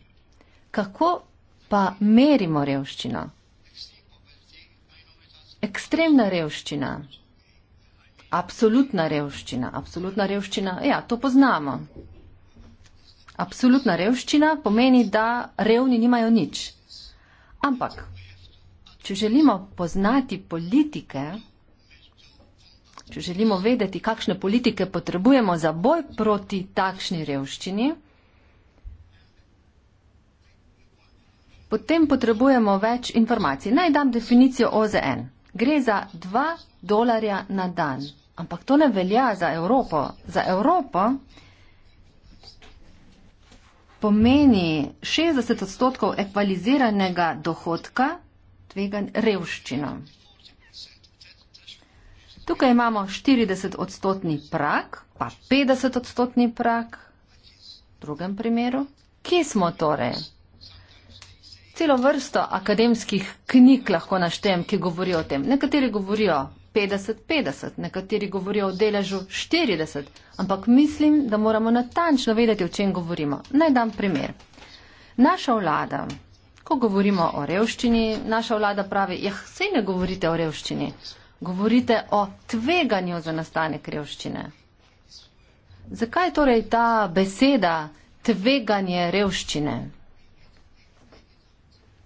Kako pa merimo revščino. Ekstremna revščina, absolutna revščina, absolutna revščina, ja, to poznamo. Absolutna revščina pomeni, da revni nimajo nič. Ampak, če želimo poznati politike, če želimo vedeti, kakšne politike potrebujemo za boj proti takšni revščini, potem potrebujemo več informacij. Naj dam definicijo OZN. Gre za 2 dolarja na dan. Ampak to ne velja za Evropo. Za Evropo pomeni 60 odstotkov ekvaliziranega dohodka tvegan revščino. Tukaj imamo 40 odstotni prak, pa 50 odstotni prak v drugem primeru. Kje smo torej? celo vrsto akademskih knjig lahko naštem, ki govorijo o tem. Nekateri govorijo 50-50, nekateri govorijo o deležu 40, ampak mislim, da moramo natančno vedeti, o čem govorimo. Naj dam primer. Naša vlada, ko govorimo o revščini, naša vlada pravi, jah, sej ne govorite o revščini, govorite o tveganju za nastanek revščine. Zakaj torej ta beseda tveganje revščine?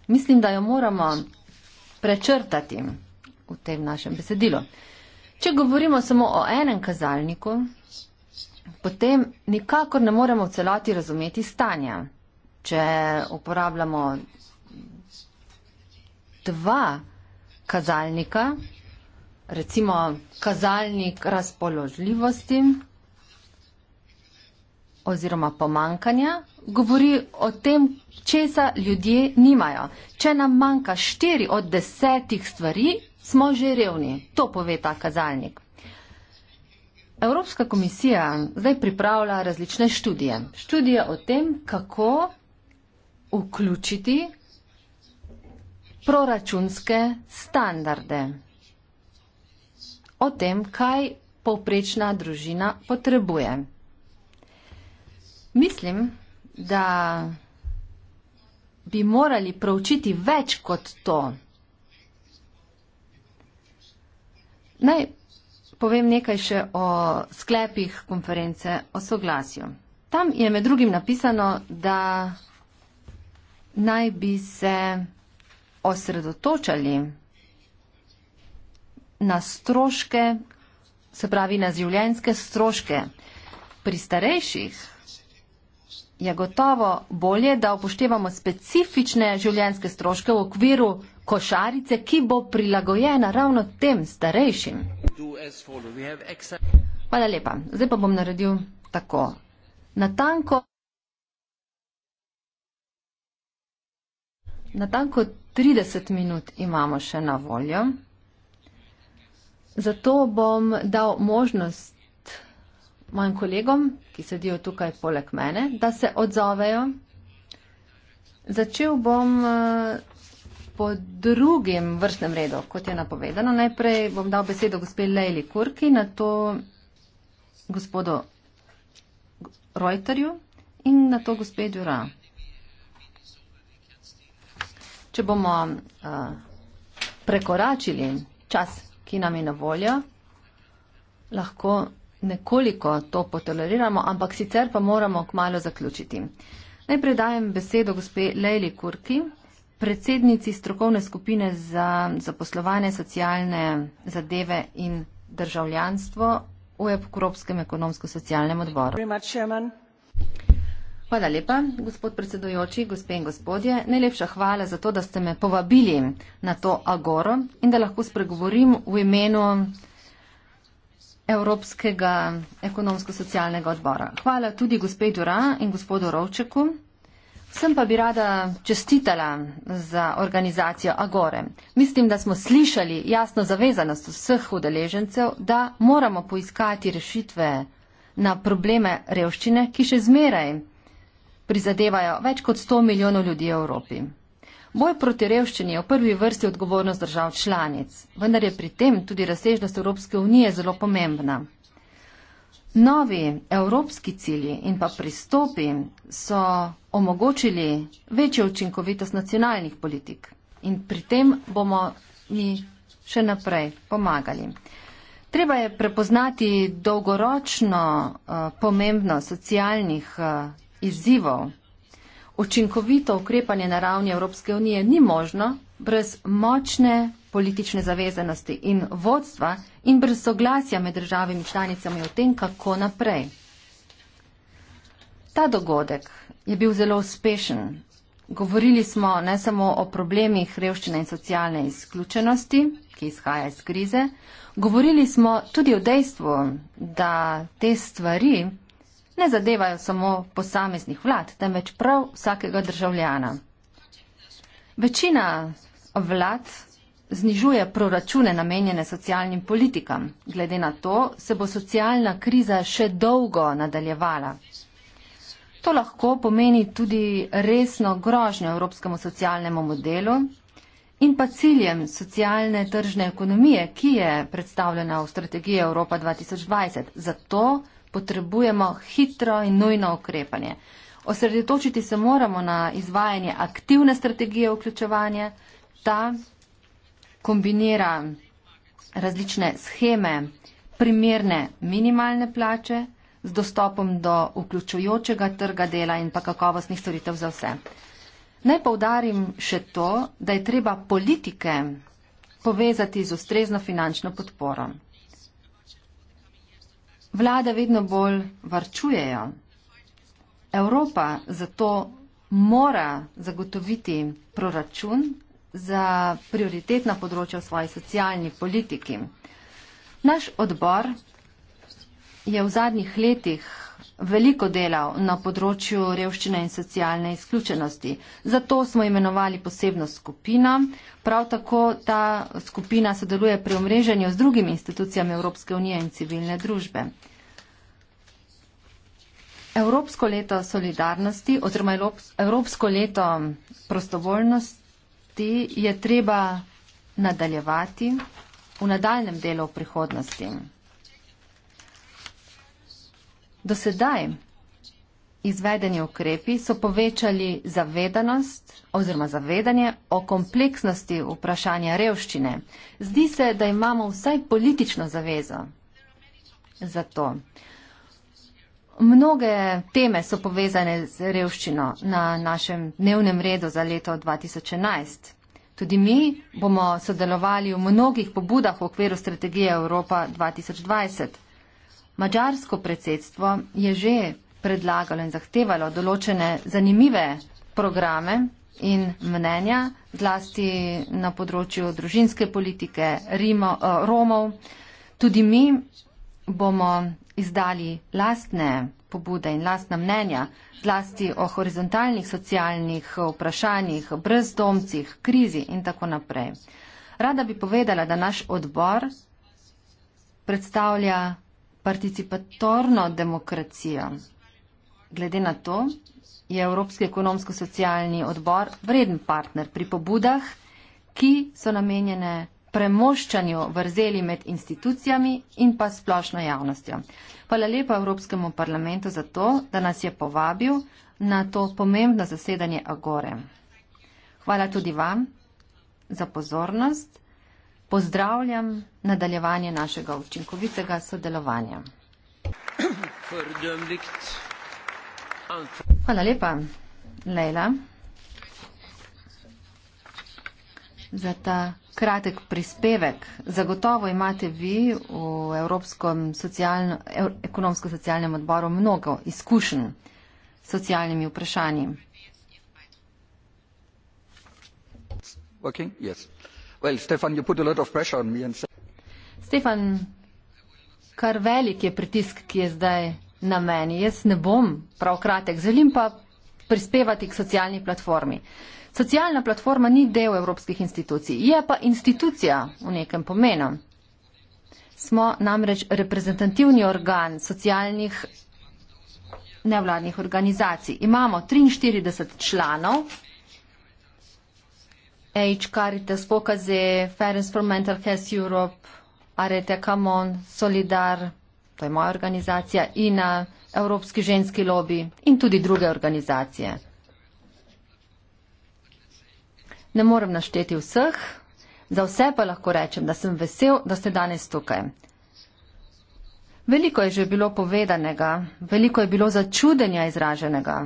mislim, da jo moramo prečrtati v tem našem besedilu. Če govorimo samo o enem kazalniku, potem nikakor ne moremo v celoti razumeti stanja. Če uporabljamo dva kazalnika, recimo kazalnik razpoložljivosti oziroma pomankanja, govori o tem, česa ljudje nimajo. Če nam manjka štiri od desetih stvari, smo že revni. To pove ta kazalnik. Evropska komisija zdaj pripravlja različne študije. Študije o tem, kako vključiti proračunske standarde. O tem, kaj povprečna družina potrebuje. Mislim, da bi morali pravčiti več kot to. Naj povem nekaj še o sklepih konference o soglasju. Tam je med drugim napisano, da naj bi se osredotočali na stroške, se pravi na življenjske stroške pri starejših je gotovo bolje, da upoštevamo specifične življenjske stroške v okviru košarice, ki bo prilagojena ravno tem starejšim. Hvala lepa. Zdaj pa bom naredil tako. Natanko, natanko 30 minut imamo še na voljo. Zato bom dal možnost mojim kolegom, ki sedijo tukaj poleg mene, da se odzovejo. Začel bom eh, po drugem vrstnem redu, kot je napovedano. Najprej bom dal besedo gospe Leili Kurki, na to gospodu Reuterju in na to gospe Dura. Če bomo uh, prekoračili čas, ki nam je na voljo, lahko nekoliko to potoleriramo, ampak sicer pa moramo kmalo zaključiti. Najprej dajem besedo gospe Leili Kurki, predsednici strokovne skupine za zaposlovanje, socialne zadeve in državljanstvo v Evropskem ekonomsko-socialnem odboru. Hvala lepa, gospod predsedujoči, gospe in gospodje. Najlepša hvala za to, da ste me povabili na to agoro in da lahko spregovorim v imenu Evropskega ekonomsko-socialnega odbora. Hvala tudi gospe Dura in gospodu Rovčeku. Sem pa bi rada čestitala za organizacijo Agore. Mislim, da smo slišali jasno zavezanost vseh udeležencev, da moramo poiskati rešitve na probleme revščine, ki še zmeraj prizadevajo več kot 100 milijonov ljudi v Evropi. Boj proti revščini je v prvi vrsti odgovornost držav članic, vendar je pri tem tudi razsežnost Evropske unije zelo pomembna. Novi evropski cilji in pa pristopi so omogočili večjo učinkovitost nacionalnih politik in pri tem bomo mi še naprej pomagali. Treba je prepoznati dolgoročno uh, pomembnost socialnih uh, izzivov učinkovito ukrepanje na ravni Evropske unije ni možno brez močne politične zavezanosti in vodstva in brez soglasja med državami članicami o tem, kako naprej. Ta dogodek je bil zelo uspešen. Govorili smo ne samo o problemih revščine in socialne izključenosti, ki izhaja iz krize, govorili smo tudi o dejstvu, da te stvari ne zadevajo samo posameznih vlad, temveč prav vsakega državljana. Večina vlad znižuje proračune namenjene socialnim politikam. Glede na to se bo socialna kriza še dolgo nadaljevala. To lahko pomeni tudi resno grožnjo evropskemu socialnemu modelu in pa ciljem socialne tržne ekonomije, ki je predstavljena v strategiji Evropa 2020. Zato potrebujemo hitro in nujno ukrepanje. Osredotočiti se moramo na izvajanje aktivne strategije vključevanja. Ta kombinira različne scheme primerne minimalne plače z dostopom do vključujočega trga dela in pa kakovostnih storitev za vse. Naj povdarim še to, da je treba politike povezati z ustrezno finančno podporo. Vlade vedno bolj varčujejo. Evropa zato mora zagotoviti proračun za prioritetna področja v svoji socialni politiki. Naš odbor je v zadnjih letih veliko delal na področju revščine in socialne izključenosti. Zato smo imenovali posebno skupino. Prav tako ta skupina sodeluje pri omreženju z drugimi institucijami Evropske unije in civilne družbe. Evropsko leto solidarnosti oziroma Evropsko leto prostovoljnosti je treba nadaljevati v nadaljem delu prihodnosti. Do sedaj izvedeni ukrepi so povečali zavedanost oziroma zavedanje o kompleksnosti vprašanja revščine. Zdi se, da imamo vsaj politično zavezo za to. Mnoge teme so povezane z revščino na našem dnevnem redu za leto 2011. Tudi mi bomo sodelovali v mnogih pobudah v okviru strategije Evropa 2020. Mačarsko predsedstvo je že predlagalo in zahtevalo določene zanimive programe in mnenja, zlasti na področju družinske politike Rimo, eh, Romov. Tudi mi bomo izdali lastne pobude in lastna mnenja, zlasti o horizontalnih socialnih vprašanjih, brezdomcih, krizi in tako naprej. Rada bi povedala, da naš odbor predstavlja participatorno demokracijo. Glede na to je Evropski ekonomsko-socialni odbor vreden partner pri pobudah, ki so namenjene premoščanju vrzeli med institucijami in pa splošno javnostjo. Hvala lepa Evropskemu parlamentu za to, da nas je povabil na to pomembno zasedanje Agore. Hvala tudi vam za pozornost pozdravljam nadaljevanje našega učinkovitega sodelovanja. Hvala lepa, Leila, za ta kratek prispevek. Zagotovo imate vi v Evropskem socialno, ekonomsko-socialnem odboru mnogo izkušenj s socialnimi vprašanji. Working? Yes. Stefan, you put a lot of pressure on me and say... Stefan, kar velik je pritisk, ki je zdaj na meni. Jaz ne bom prav kratek, želim pa prispevati k socialni platformi. Socialna platforma ni del evropskih institucij, je pa institucija v nekem pomenu. Smo namreč reprezentativni organ socialnih nevladnih organizacij. Imamo 43 članov H Caritas Focase, eh, Ferenc for Mental Health Europe, Arete Camon, Solidar, to je moja organizacija, INA, Evropski ženski lobi in tudi druge organizacije. Ne morem našteti vseh, za vse pa lahko rečem, da sem vesel, da ste danes tukaj. Veliko je že bilo povedanega, veliko je bilo začudenja izraženega.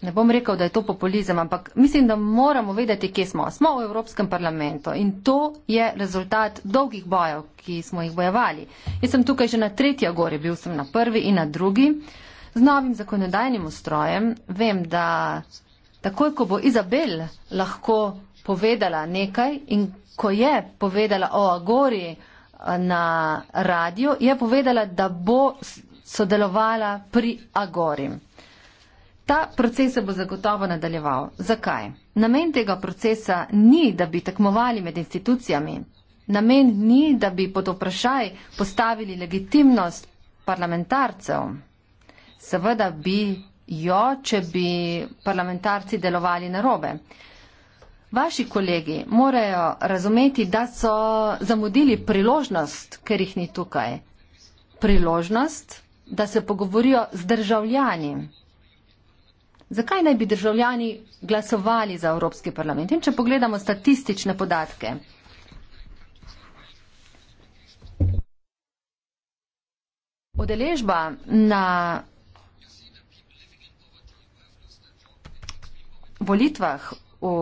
Ne bom rekel, da je to populizem, ampak mislim, da moramo vedeti, kje smo. Smo v Evropskem parlamentu in to je rezultat dolgih bojev, ki smo jih bojevali. Jaz sem tukaj že na tretji gori, bil sem na prvi in na drugi. Z novim zakonodajnim ustrojem vem, da takoj, ko bo Izabel lahko povedala nekaj in ko je povedala o Agori eh, na radio, je povedala, da bo sodelovala pri Agori. Ta proces se bo zagotovo nadaljeval. Zakaj? Namen tega procesa ni, da bi tekmovali med institucijami. Namen ni, da bi pod vprašaj postavili legitimnost parlamentarcev. Seveda bi jo, če bi parlamentarci delovali narobe. Vaši kolegi morajo razumeti, da so zamudili priložnost, ker jih ni tukaj. Priložnost, da se pogovorijo z državljani, zakaj naj bi državljani glasovali za Evropski parlament. In če pogledamo statistične podatke. Odeležba na volitvah v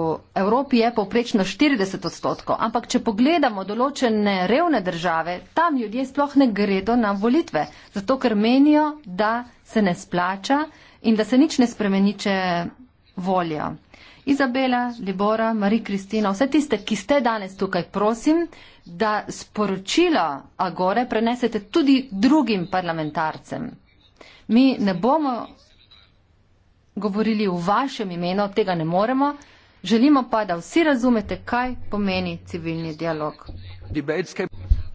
Evropi je povprečno 40 odstotkov, ampak če pogledamo določene revne države, tam ljudje sploh ne gredo na volitve, zato ker menijo, da se ne splača, in da se nič ne spremeni, če volijo. Izabela, Libora, Marija Kristina, vse tiste, ki ste danes tukaj, prosim, da sporočilo Agore prenesete tudi drugim parlamentarcem. Mi ne bomo govorili v vašem imenu, tega ne moremo. Želimo pa, da vsi razumete, kaj pomeni civilni dialog. Debatske.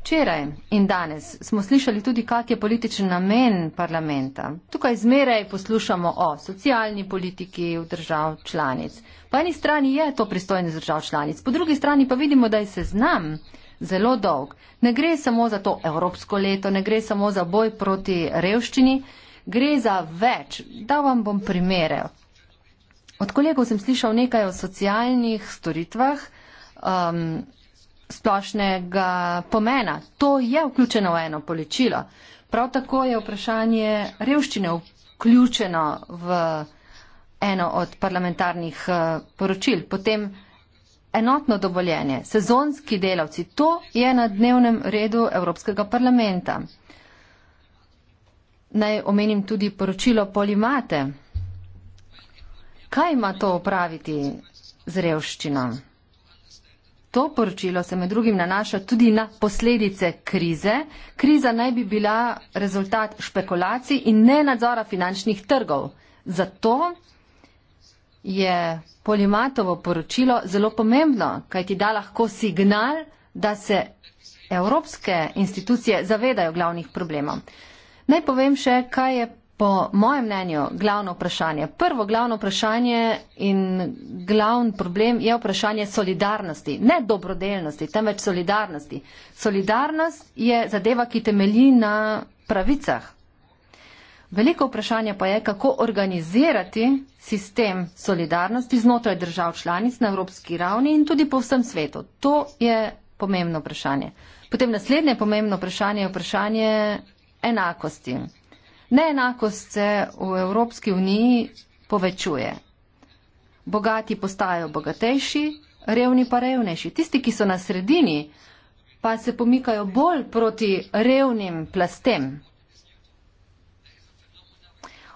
Včeraj in danes smo slišali tudi, kak je političen namen parlamenta. Tukaj zmeraj poslušamo o socialni politiki v držav članic. Po eni strani je to pristojno držav članic, po drugi strani pa vidimo, da je seznam zelo dolg. Ne gre samo za to evropsko leto, ne gre samo za boj proti revščini, gre za več. Da vam bom primere. Od kolegov sem slišal nekaj o socialnih storitvah. Um, splošnega pomena. To je vključeno v eno poličilo. Prav tako je vprašanje revščine vključeno v eno od parlamentarnih eh, poročil. Potem enotno dovoljenje, sezonski delavci, to je na dnevnem redu Evropskega parlamenta. Naj omenim tudi poročilo Polimate. Kaj ima to opraviti z revščino? To poročilo se med drugim nanaša tudi na posledice krize. Kriza naj bi bila rezultat špekulacij in ne nadzora finančnih trgov. Zato je Polimatovo poročilo zelo pomembno, kajti da lahko signal, da se evropske institucije zavedajo glavnih problemov. Naj povem še, kaj je po mojem mnenju glavno vprašanje. Prvo glavno vprašanje in glavn problem je vprašanje solidarnosti, ne dobrodelnosti, temveč solidarnosti. Solidarnost je zadeva, ki temelji na pravicah. Veliko vprašanje pa je, kako organizirati sistem solidarnosti znotraj držav članic na evropski ravni in tudi po vsem svetu. To je pomembno vprašanje. Potem naslednje pomembno vprašanje je vprašanje enakosti. Neenakost se v Evropski uniji povečuje. Bogati postajajo bogatejši, revni pa revnejši. Tisti, ki so na sredini, pa se pomikajo bolj proti revnim plastem.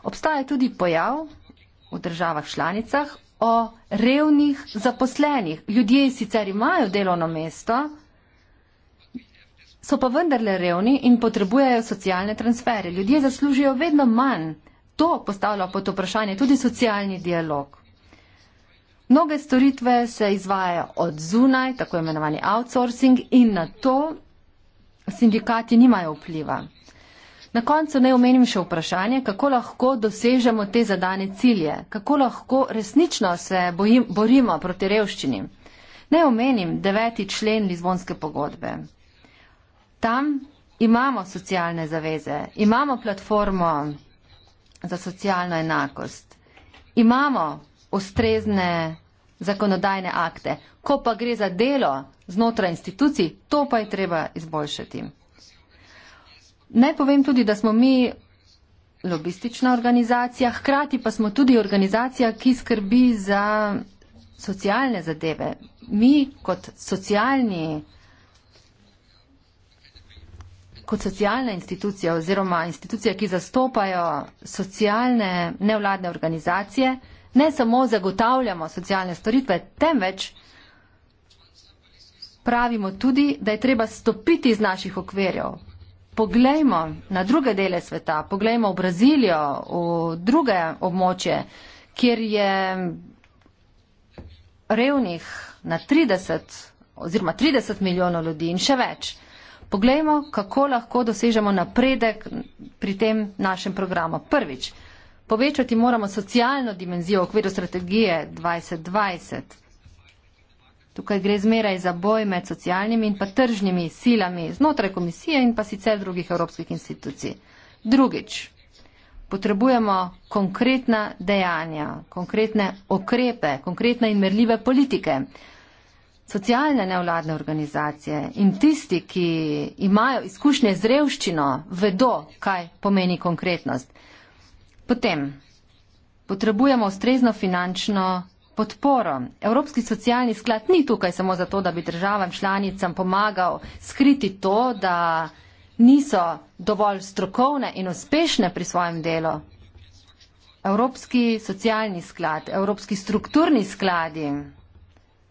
Obstaja tudi pojav v državah članicah o revnih zaposlenih. Ljudje sicer imajo delovno mesto, so pa vendarle revni in potrebujejo socialne transfere. Ljudje zaslužijo vedno manj. To postavlja pod vprašanje tudi socialni dialog. Mnoge storitve se izvajajo od zunaj, tako imenovani outsourcing, in na to sindikati nimajo vpliva. Na koncu ne omenim še vprašanje, kako lahko dosežemo te zadane cilje, kako lahko resnično se bojim, borimo proti revščini. Ne omenim deveti člen Lizbonske pogodbe tam imamo socialne zaveze, imamo platformo za socialno enakost, imamo ustrezne zakonodajne akte. Ko pa gre za delo znotraj institucij, to pa je treba izboljšati. Naj povem tudi, da smo mi lobistična organizacija, hkrati pa smo tudi organizacija, ki skrbi za socialne zadeve. Mi kot socialni kot socialna institucija oziroma institucije, ki zastopajo socialne nevladne organizacije, ne samo zagotavljamo socialne storitve, temveč pravimo tudi, da je treba stopiti iz naših okvirjev. Poglejmo na druge dele sveta, poglejmo v Brazilijo, v druge območje, kjer je revnih na 30 oziroma 30 milijonov ljudi in še več. Poglejmo, kako lahko dosežemo napredek pri tem našem programu. Prvič, povečati moramo socialno dimenzijo v okviru strategije 2020. Tukaj gre zmeraj za boj med socialnimi in pa tržnimi silami znotraj komisije in pa sicer drugih evropskih institucij. Drugič, potrebujemo konkretna dejanja, konkretne okrepe, konkretne in merljive politike socialne nevladne organizacije in tisti, ki imajo izkušnje z revščino, vedo, kaj pomeni konkretnost. Potem potrebujemo ustrezno finančno podporo. Evropski socialni sklad ni tukaj samo zato, da bi državam članicam pomagal skriti to, da niso dovolj strokovne in uspešne pri svojem delu. Evropski socialni sklad, evropski strukturni skladi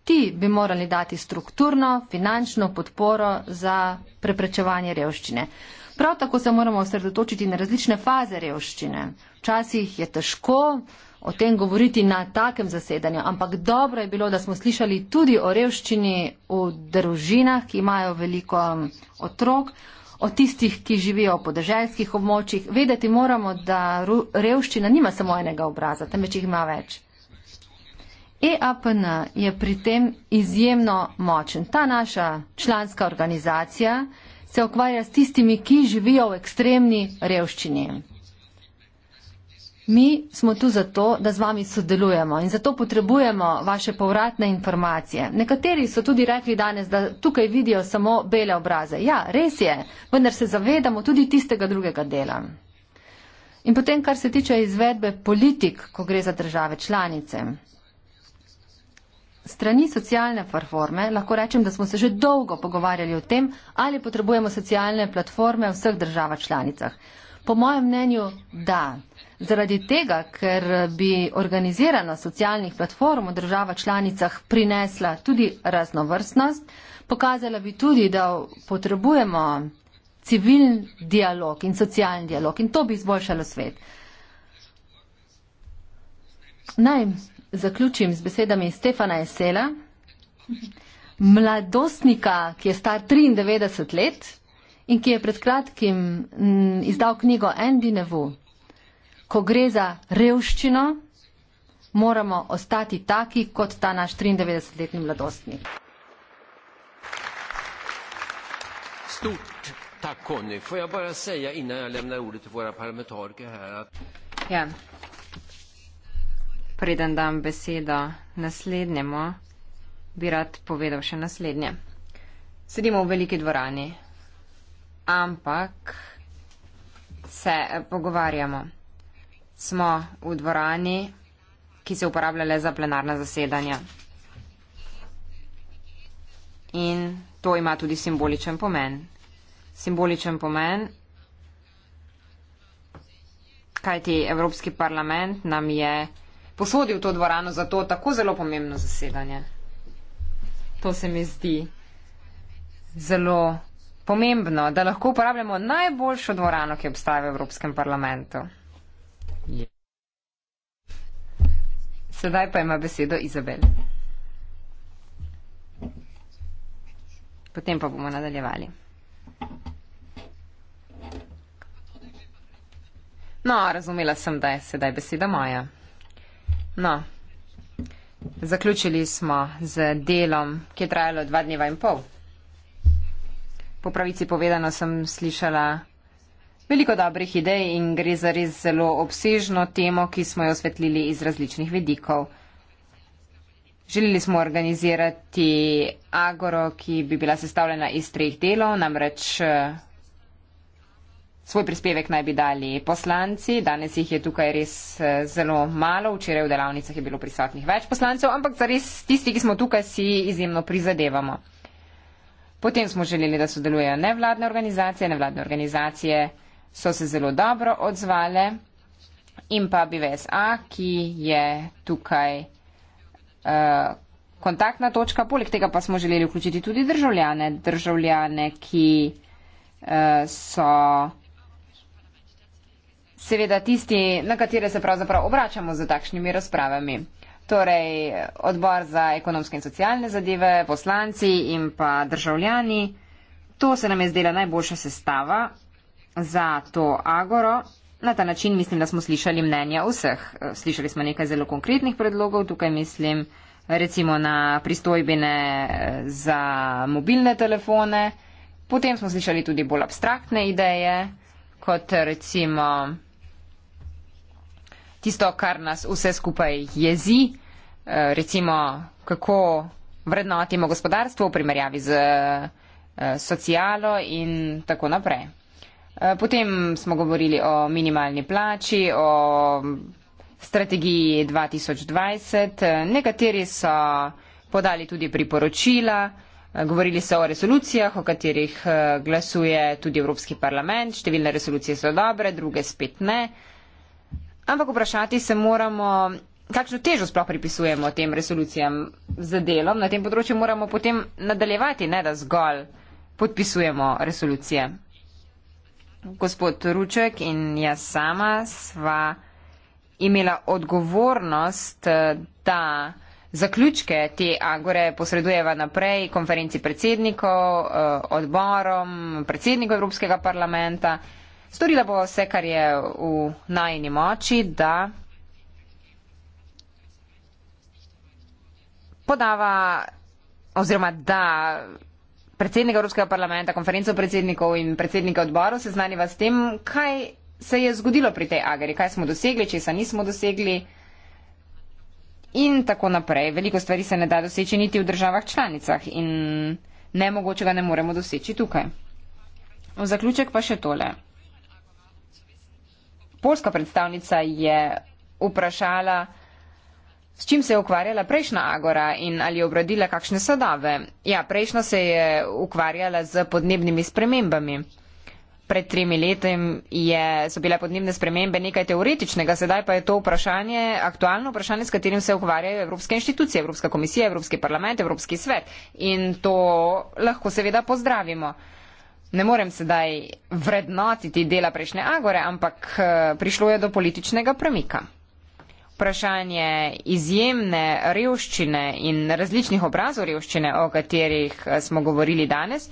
Ti bi morali dati strukturno, finančno podporo za preprečevanje revščine. Prav tako se moramo osredotočiti na različne faze revščine. Včasih je težko o tem govoriti na takem zasedanju, ampak dobro je bilo, da smo slišali tudi o revščini v družinah, ki imajo veliko um, otrok, o tistih, ki živijo v podeželjskih območjih. Vedeti moramo, da revščina nima samo enega obraza, temveč jih ima več. EAPN je pri tem izjemno močen. Ta naša članska organizacija se ukvarja s tistimi, ki živijo v ekstremni revščini. Mi smo tu zato, da z vami sodelujemo in zato potrebujemo vaše povratne informacije. Nekateri so tudi rekli danes, da tukaj vidijo samo bele obraze. Ja, res je, vendar se zavedamo tudi tistega drugega dela. In potem, kar se tiče izvedbe politik, ko gre za države članice. Strani socialne platforme lahko rečem, da smo se že dolgo pogovarjali o tem, ali potrebujemo socialne platforme v vseh državah članicah. Po mojem mnenju, da. Zaradi tega, ker bi organizirana socialnih platform v državah članicah prinesla tudi raznovrstnost, pokazala bi tudi, da potrebujemo civilni dialog in socialni dialog in to bi izboljšalo svet. Najmo zaključim z besedami Stefana Esela, mladostnika, ki je star 93 let in ki je pred kratkim mm, izdal knjigo Andy Nevu. Ko gre za revščino, moramo ostati taki kot ta naš 93-letni mladostnik. Stort, tak, preden dam besedo naslednjemu, bi rad povedal še naslednje. Sedimo v veliki dvorani, ampak se eh, pogovarjamo. Smo v dvorani, ki se uporablja le za plenarna zasedanja. In to ima tudi simboličen pomen. Simboličen pomen, kajti Evropski parlament nam je posodil to dvorano za to tako zelo pomembno zasedanje. To se mi zdi zelo pomembno, da lahko uporabljamo najboljšo dvorano, ki obstaja v Evropskem parlamentu. Je. Sedaj pa ima besedo Izabel. Potem pa bomo nadaljevali. No, razumela sem, da je sedaj beseda moja. No, zaključili smo z delom, ki je trajalo dva dneva in pol. Po pravici povedano sem slišala veliko dobrih idej in gre za res zelo obsežno temo, ki smo jo osvetlili iz različnih vedikov. Želeli smo organizirati agoro, ki bi bila sestavljena iz treh delov, namreč Svoj prispevek naj bi dali poslanci, danes jih je tukaj res eh, zelo malo, včeraj v delavnicah je bilo prisotnih več poslancev, ampak za res tisti, ki smo tukaj, si izjemno prizadevamo. Potem smo želeli, da sodelujejo nevladne organizacije, nevladne organizacije so se zelo dobro odzvale in pa BVSA, ki je tukaj uh, kontaktna točka, poleg tega pa smo želeli vključiti tudi državljane, državljane, ki uh, so seveda tisti, na katere se pravzaprav obračamo z takšnimi razpravami. Torej, odbor za ekonomske in socialne zadeve, poslanci in pa državljani. To se nam je zdela najboljša sestava za to agoro. Na ta način mislim, da smo slišali mnenja vseh. Slišali smo nekaj zelo konkretnih predlogov, tukaj mislim recimo na pristojbine eh, za mobilne telefone. Potem smo slišali tudi bolj abstraktne ideje, kot recimo tisto, kar nas vse skupaj jezi, eh, recimo kako vrednotimo gospodarstvo v primerjavi z eh, socialo in tako naprej. Eh, potem smo govorili o minimalni plači, o strategiji 2020, nekateri so podali tudi priporočila, govorili so o resolucijah, o katerih glasuje tudi Evropski parlament, številne resolucije so dobre, druge spet ne. Ampak vprašati se moramo, kakšno težo sploh pripisujemo tem resolucijam za delom na tem področju, moramo potem nadaljevati, ne da zgolj podpisujemo resolucije. Gospod Ruček in jaz sama sva imela odgovornost, da zaključke te agore posredujeva naprej konferenci predsednikov, eh, odborom, predsedniku Evropskega parlamenta. Storila bova vse, kar je v najni moči, da podava oziroma da predsednik Evropskega parlamenta, konferenco predsednikov in predsednika odborov seznani vas s tem, kaj se je zgodilo pri tej agari, kaj smo dosegli, česa nismo dosegli in tako naprej. Veliko stvari se ne da doseči niti v državah članicah in nemogočega ne moremo doseči tukaj. V zaključek pa še tole. Poljska predstavnica je vprašala, s čim se je ukvarjala prejšnja Agora in ali je obradila kakšne sadove. Ja, prejšnja se je ukvarjala z podnebnimi spremembami. Pred tremi leti so bile podnebne spremembe nekaj teoretičnega, sedaj pa je to vprašanje, aktualno vprašanje, s katerim se ukvarjajo evropske inštitucije, Evropska komisija, Evropski parlament, Evropski svet. In to lahko seveda pozdravimo. Ne morem sedaj vrednotiti dela prejšnje Agore, ampak eh, prišlo je do političnega premika. Vprašanje izjemne revščine in različnih obrazov revščine, o katerih eh, smo govorili danes,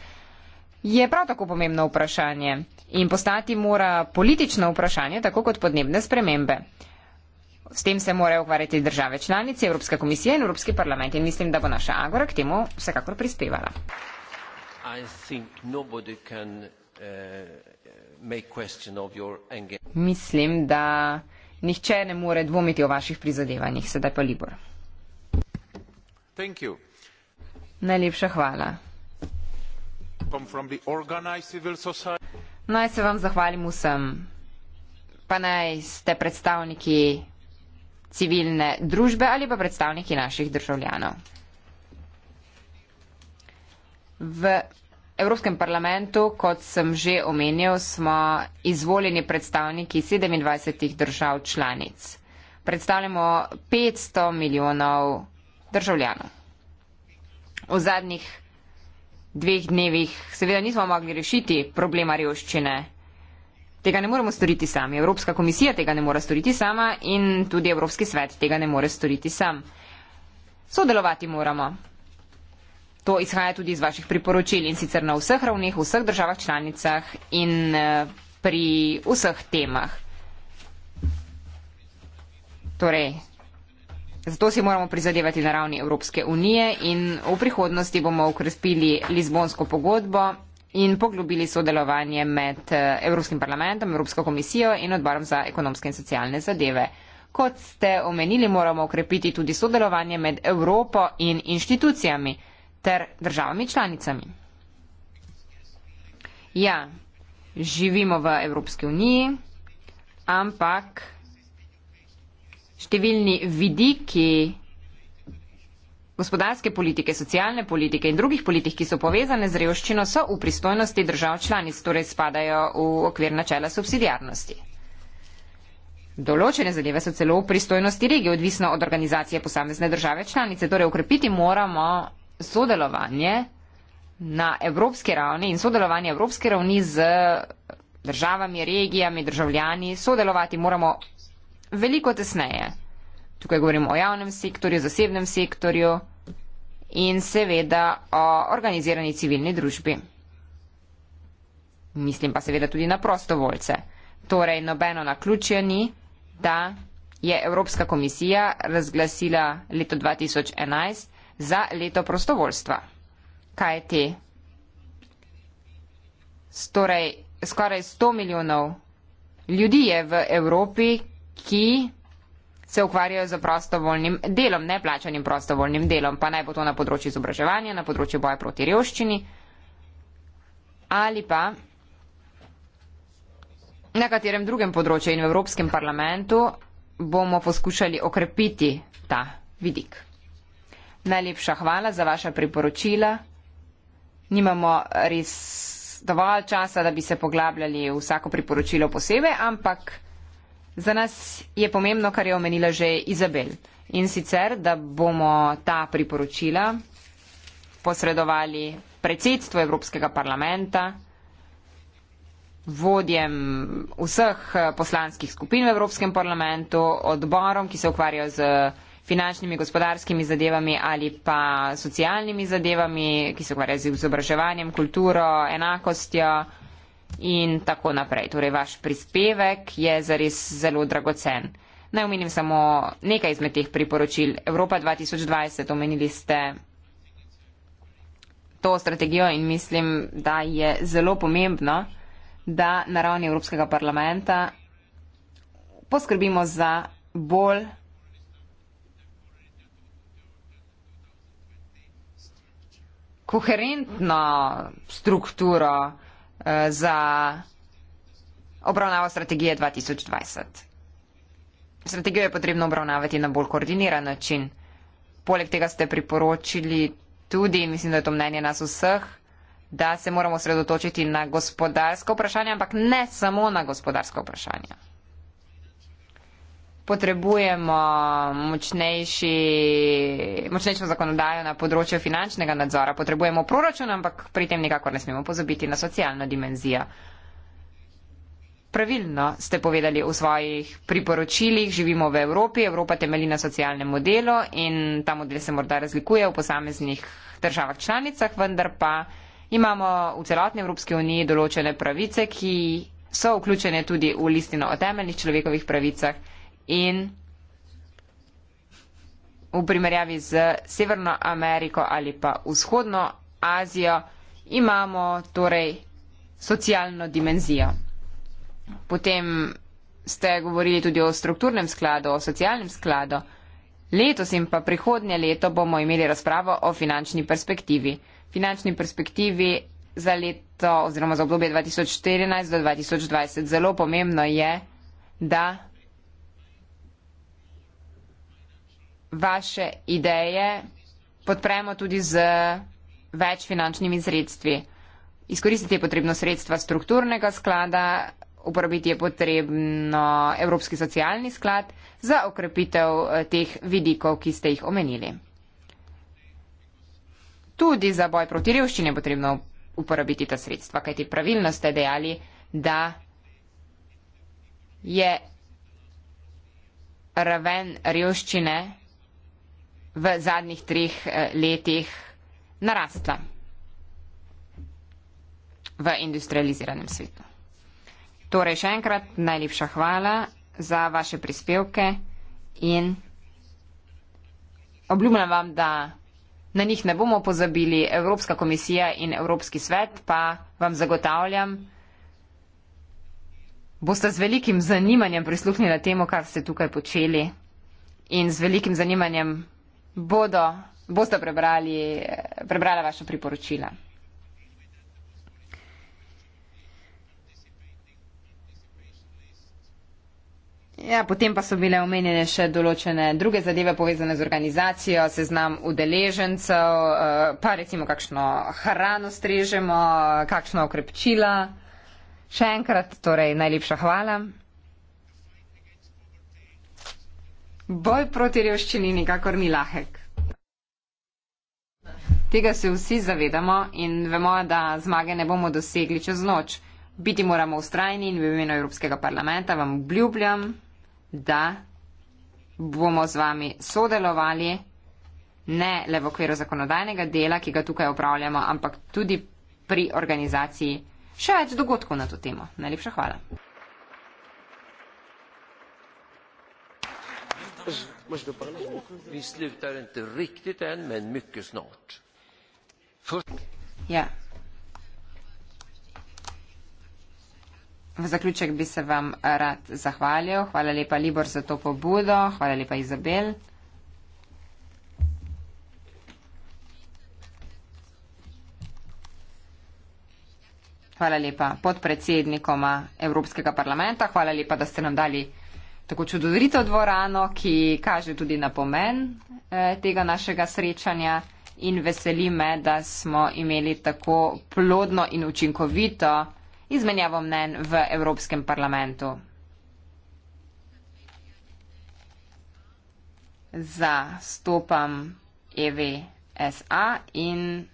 je prav tako pomembno vprašanje in postati mora politično vprašanje, tako kot podnebne spremembe. S tem se morajo ukvarjati države članice, Evropska komisija in Evropski parlament in mislim, da bo naša Agora k temu vsekakor prispevala. Uh, uh, Mislim, da nihče ne more dvomiti o vaših prizadevanjih. Sedaj pa Libor. Najlepša hvala. Naj se vam zahvalim vsem, pa naj ste predstavniki civilne družbe ali pa predstavniki naših državljanov. V Evropskem parlamentu, kot sem že omenil, smo izvoljeni predstavniki 27 držav članic. Predstavljamo 500 milijonov državljanov. V zadnjih dveh dnevih seveda nismo mogli rešiti problema revščine. Tega ne moremo storiti sami. Evropska komisija tega ne more storiti sama in tudi Evropski svet tega ne more storiti sam. Sodelovati moramo. To izhaja tudi iz vaših priporočil in sicer na vseh ravneh, v vseh državah članicah in eh, pri vseh temah. Torej, zato si moramo prizadevati na ravni Evropske unije in v prihodnosti bomo ukrepili Lizbonsko pogodbo in poglobili sodelovanje med eh, Evropskim parlamentom, Evropsko komisijo in odborom za ekonomske in socialne zadeve. Kot ste omenili, moramo ukrepiti tudi sodelovanje med Evropo in inštitucijami ter državami članicami. Ja, živimo v Evropski uniji, ampak številni vidiki gospodarske politike, socialne politike in drugih politik, ki so povezane z revščino, so v pristojnosti držav članic, torej spadajo v okvir načela subsidijarnosti. Določene zadeve so celo v pristojnosti regije, odvisno od organizacije posamezne države članice, torej ukrepiti moramo sodelovanje na evropski ravni in sodelovanje evropske ravni z državami, regijami, državljani, sodelovati moramo veliko tesneje. Tukaj govorimo o javnem sektorju, zasebnem sektorju in seveda o organizirani civilni družbi. Mislim pa seveda tudi na prostovoljce. Torej, nobeno naključeni, da je Evropska komisija razglasila leto 2011 za leto prostovoljstva. Kaj ti? Torej, skoraj 100 milijonov ljudi je v Evropi, ki se ukvarjajo z prostovoljnim delom, neplačanim prostovoljnim delom, pa naj bo to na področju izobraževanja, na področju boja proti revščini ali pa na katerem drugem področju in v Evropskem parlamentu bomo poskušali okrepiti ta vidik. Najlepša hvala za vaša priporočila. Nimamo res dovolj časa, da bi se poglabljali v vsako priporočilo posebej, ampak za nas je pomembno, kar je omenila že Izabel. In sicer, da bomo ta priporočila posredovali predsedstvu Evropskega parlamenta, vodjem vseh poslanskih skupin v Evropskem parlamentu, odborom, ki se ukvarjajo z finančnimi, gospodarskimi zadevami ali pa socialnimi zadevami, ki se ukvarja z izobraževanjem, kulturo, enakostjo in tako naprej. Torej, vaš prispevek je zares zelo dragocen. Naj omenim samo nekaj izmed teh priporočil. Evropa 2020, omenili ste to strategijo in mislim, da je zelo pomembno, da na ravni Evropskega parlamenta poskrbimo za bolj koherentno strukturo uh, za obravnavo strategije 2020. Strategijo je potrebno obravnavati na bolj koordiniran način. Poleg tega ste priporočili tudi, mislim, da je to mnenje nas vseh, da se moramo sredotočiti na gospodarske vprašanja, ampak ne samo na gospodarske vprašanja potrebujemo močnejši, močnejšo zakonodajo na področju finančnega nadzora, potrebujemo proračun, ampak pri tem nikakor ne smemo pozabiti na socialno dimenzijo. Pravilno ste povedali v svojih priporočilih, živimo v Evropi, Evropa temeli na socialnem modelu in ta model se morda razlikuje v posameznih državah članicah, vendar pa imamo v celotni Evropski uniji določene pravice, ki so vključene tudi v listino o temeljnih človekovih pravicah in v primerjavi z Severno Ameriko ali pa Vzhodno Azijo imamo torej socialno dimenzijo. Potem ste govorili tudi o strukturnem skladu, o socialnem skladu. Letos in pa prihodnje leto bomo imeli razpravo o finančni perspektivi. Finančni perspektivi za leto oziroma za obdobje 2014 do 2020. Zelo pomembno je, da vaše ideje podpremo tudi z več finančnimi sredstvi. Izkoristiti je potrebno sredstva strukturnega sklada, uporabiti je potrebno Evropski socialni sklad za okrepitev eh, teh vidikov, ki ste jih omenili. Tudi za boj proti revščini je potrebno uporabiti ta sredstva, kajti pravilno ste dejali, da je raven revščine v zadnjih treh eh, letih narastla v industrializiranem svetu. Torej, še enkrat najlepša hvala za vaše prispevke in obljubljam vam, da na njih ne bomo pozabili Evropska komisija in Evropski svet, pa vam zagotavljam, boste z velikim zanimanjem prisluhnili temu, kar ste tukaj počeli in z velikim zanimanjem bodo, boste prebrali, prebrala vaša priporočila. Ja, potem pa so bile omenjene še določene druge zadeve povezane z organizacijo, seznam udeležencev, eh, pa recimo kakšno hrano strežemo, kakšno okrepčila. Še enkrat, torej najlepša hvala. Boj proti revščini nikakor ni lahek. Tega se vsi zavedamo in vemo, da zmage ne bomo dosegli čez noč. Biti moramo ustrajni in v imenu Evropskega parlamenta vam obljubljam, da bomo z vami sodelovali ne le v okviru zakonodajnega dela, ki ga tukaj upravljamo, ampak tudi pri organizaciji še več dogodkov na to temo. Najlepša hvala. Vi slutar inte riktigt än, men mycket snart. För... Ja. V zaključek bi se vam rad zahvalil. Hvala lepa, Libor, za to pobudo. Hvala lepa, Izabel. Hvala lepa podpredsednikoma Evropskega parlamenta. Hvala lepa, da ste nam dali tako čudovito dvorano, ki kaže tudi na pomen eh, tega našega srečanja in veseli me, da smo imeli tako plodno in učinkovito izmenjavo mnen v Evropskem parlamentu. Za stopam EVSA in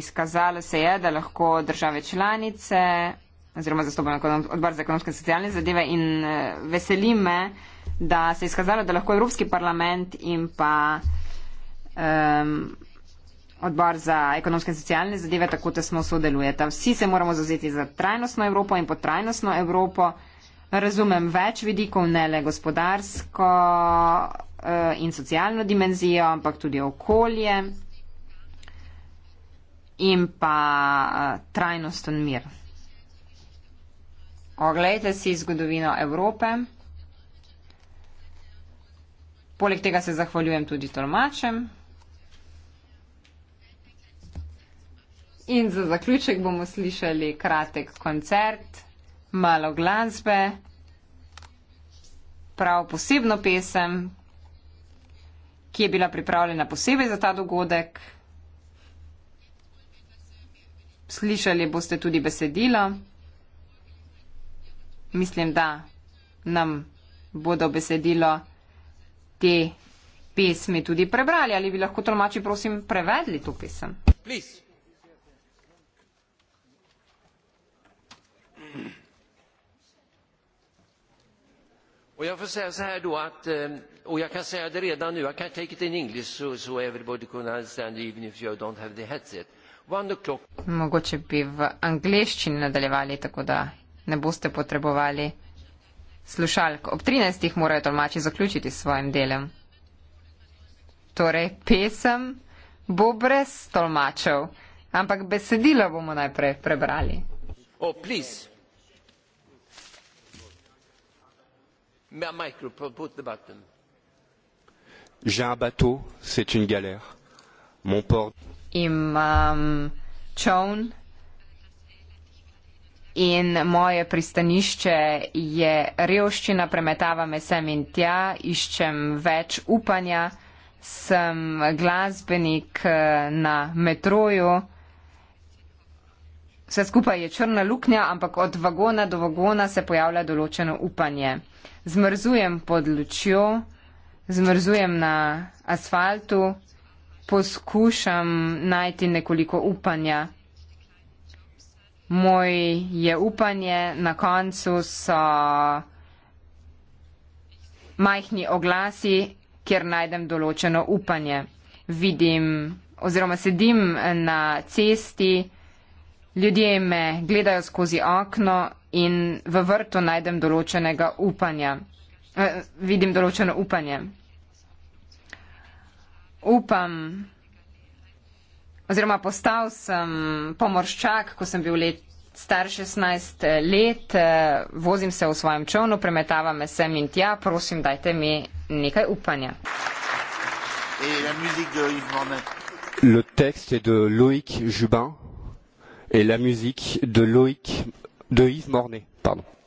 izkazalo se je, da lahko države članice oziroma zastopam odbor za ekonomske in socialne zadeve in eh, veseli me, da se je izkazalo, da lahko Evropski parlament in pa um, odbor za ekonomske in socialne zadeve tako tesno sodelujeta. Vsi se moramo zauzeti za trajnostno Evropo in po trajnostno Evropo. Razumem več vidikov, ne le gospodarsko eh, in socialno dimenzijo, ampak tudi okolje in pa eh, trajnosten mir. Oglejte si zgodovino Evrope. Poleg tega se zahvaljujem tudi tolmačem. In za zaključek bomo slišali kratek koncert, malo glasbe, prav posebno pesem, ki je bila pripravljena posebej za ta dogodek. Slišali boste tudi besedilo mislim, da nam bodo besedilo te pesmi tudi prebrali. Ali bi lahko tolmači, prosim, prevedli to pesem? Please. Och jag får säga så här då att, eh, och jag kan säga det redan nu, I can take it in English so, so everybody can understand even if you don't have the headset. One o'clock. Mogoče bi v angleščini nadaljevali, tako da ne boste potrebovali slušalk. Ob 13. morajo tolmači zaključiti s svojim delom. Torej, pesem bo brez tolmačev, ampak besedilo bomo najprej prebrali. Oh, please. J'ai un bateau, c'est une galère. Mon port. Imam um, Chone in moje pristanišče je revščina, premetava me sem in tja, iščem več upanja, sem glasbenik eh, na metroju. Vse skupaj je črna luknja, ampak od vagona do vagona se pojavlja določeno upanje. Zmrzujem pod lučjo, zmrzujem na asfaltu, poskušam najti nekoliko upanja moj je upanje, na koncu so majhni oglasi, kjer najdem določeno upanje. Vidim oziroma sedim na cesti, ljudje me gledajo skozi okno in v vrtu najdem določenega upanja. Eh, vidim določeno upanje. Upam, oziroma postal sem pomorščak, ko sem bil let, star 16 eh, let, eh, vozim se v svojem čovnu, premetavam me sem in tja, prosim, dajte mi nekaj upanja. Le texte est de Loïc Jubin et la musique de Loïc de Yves Mornay, pardon.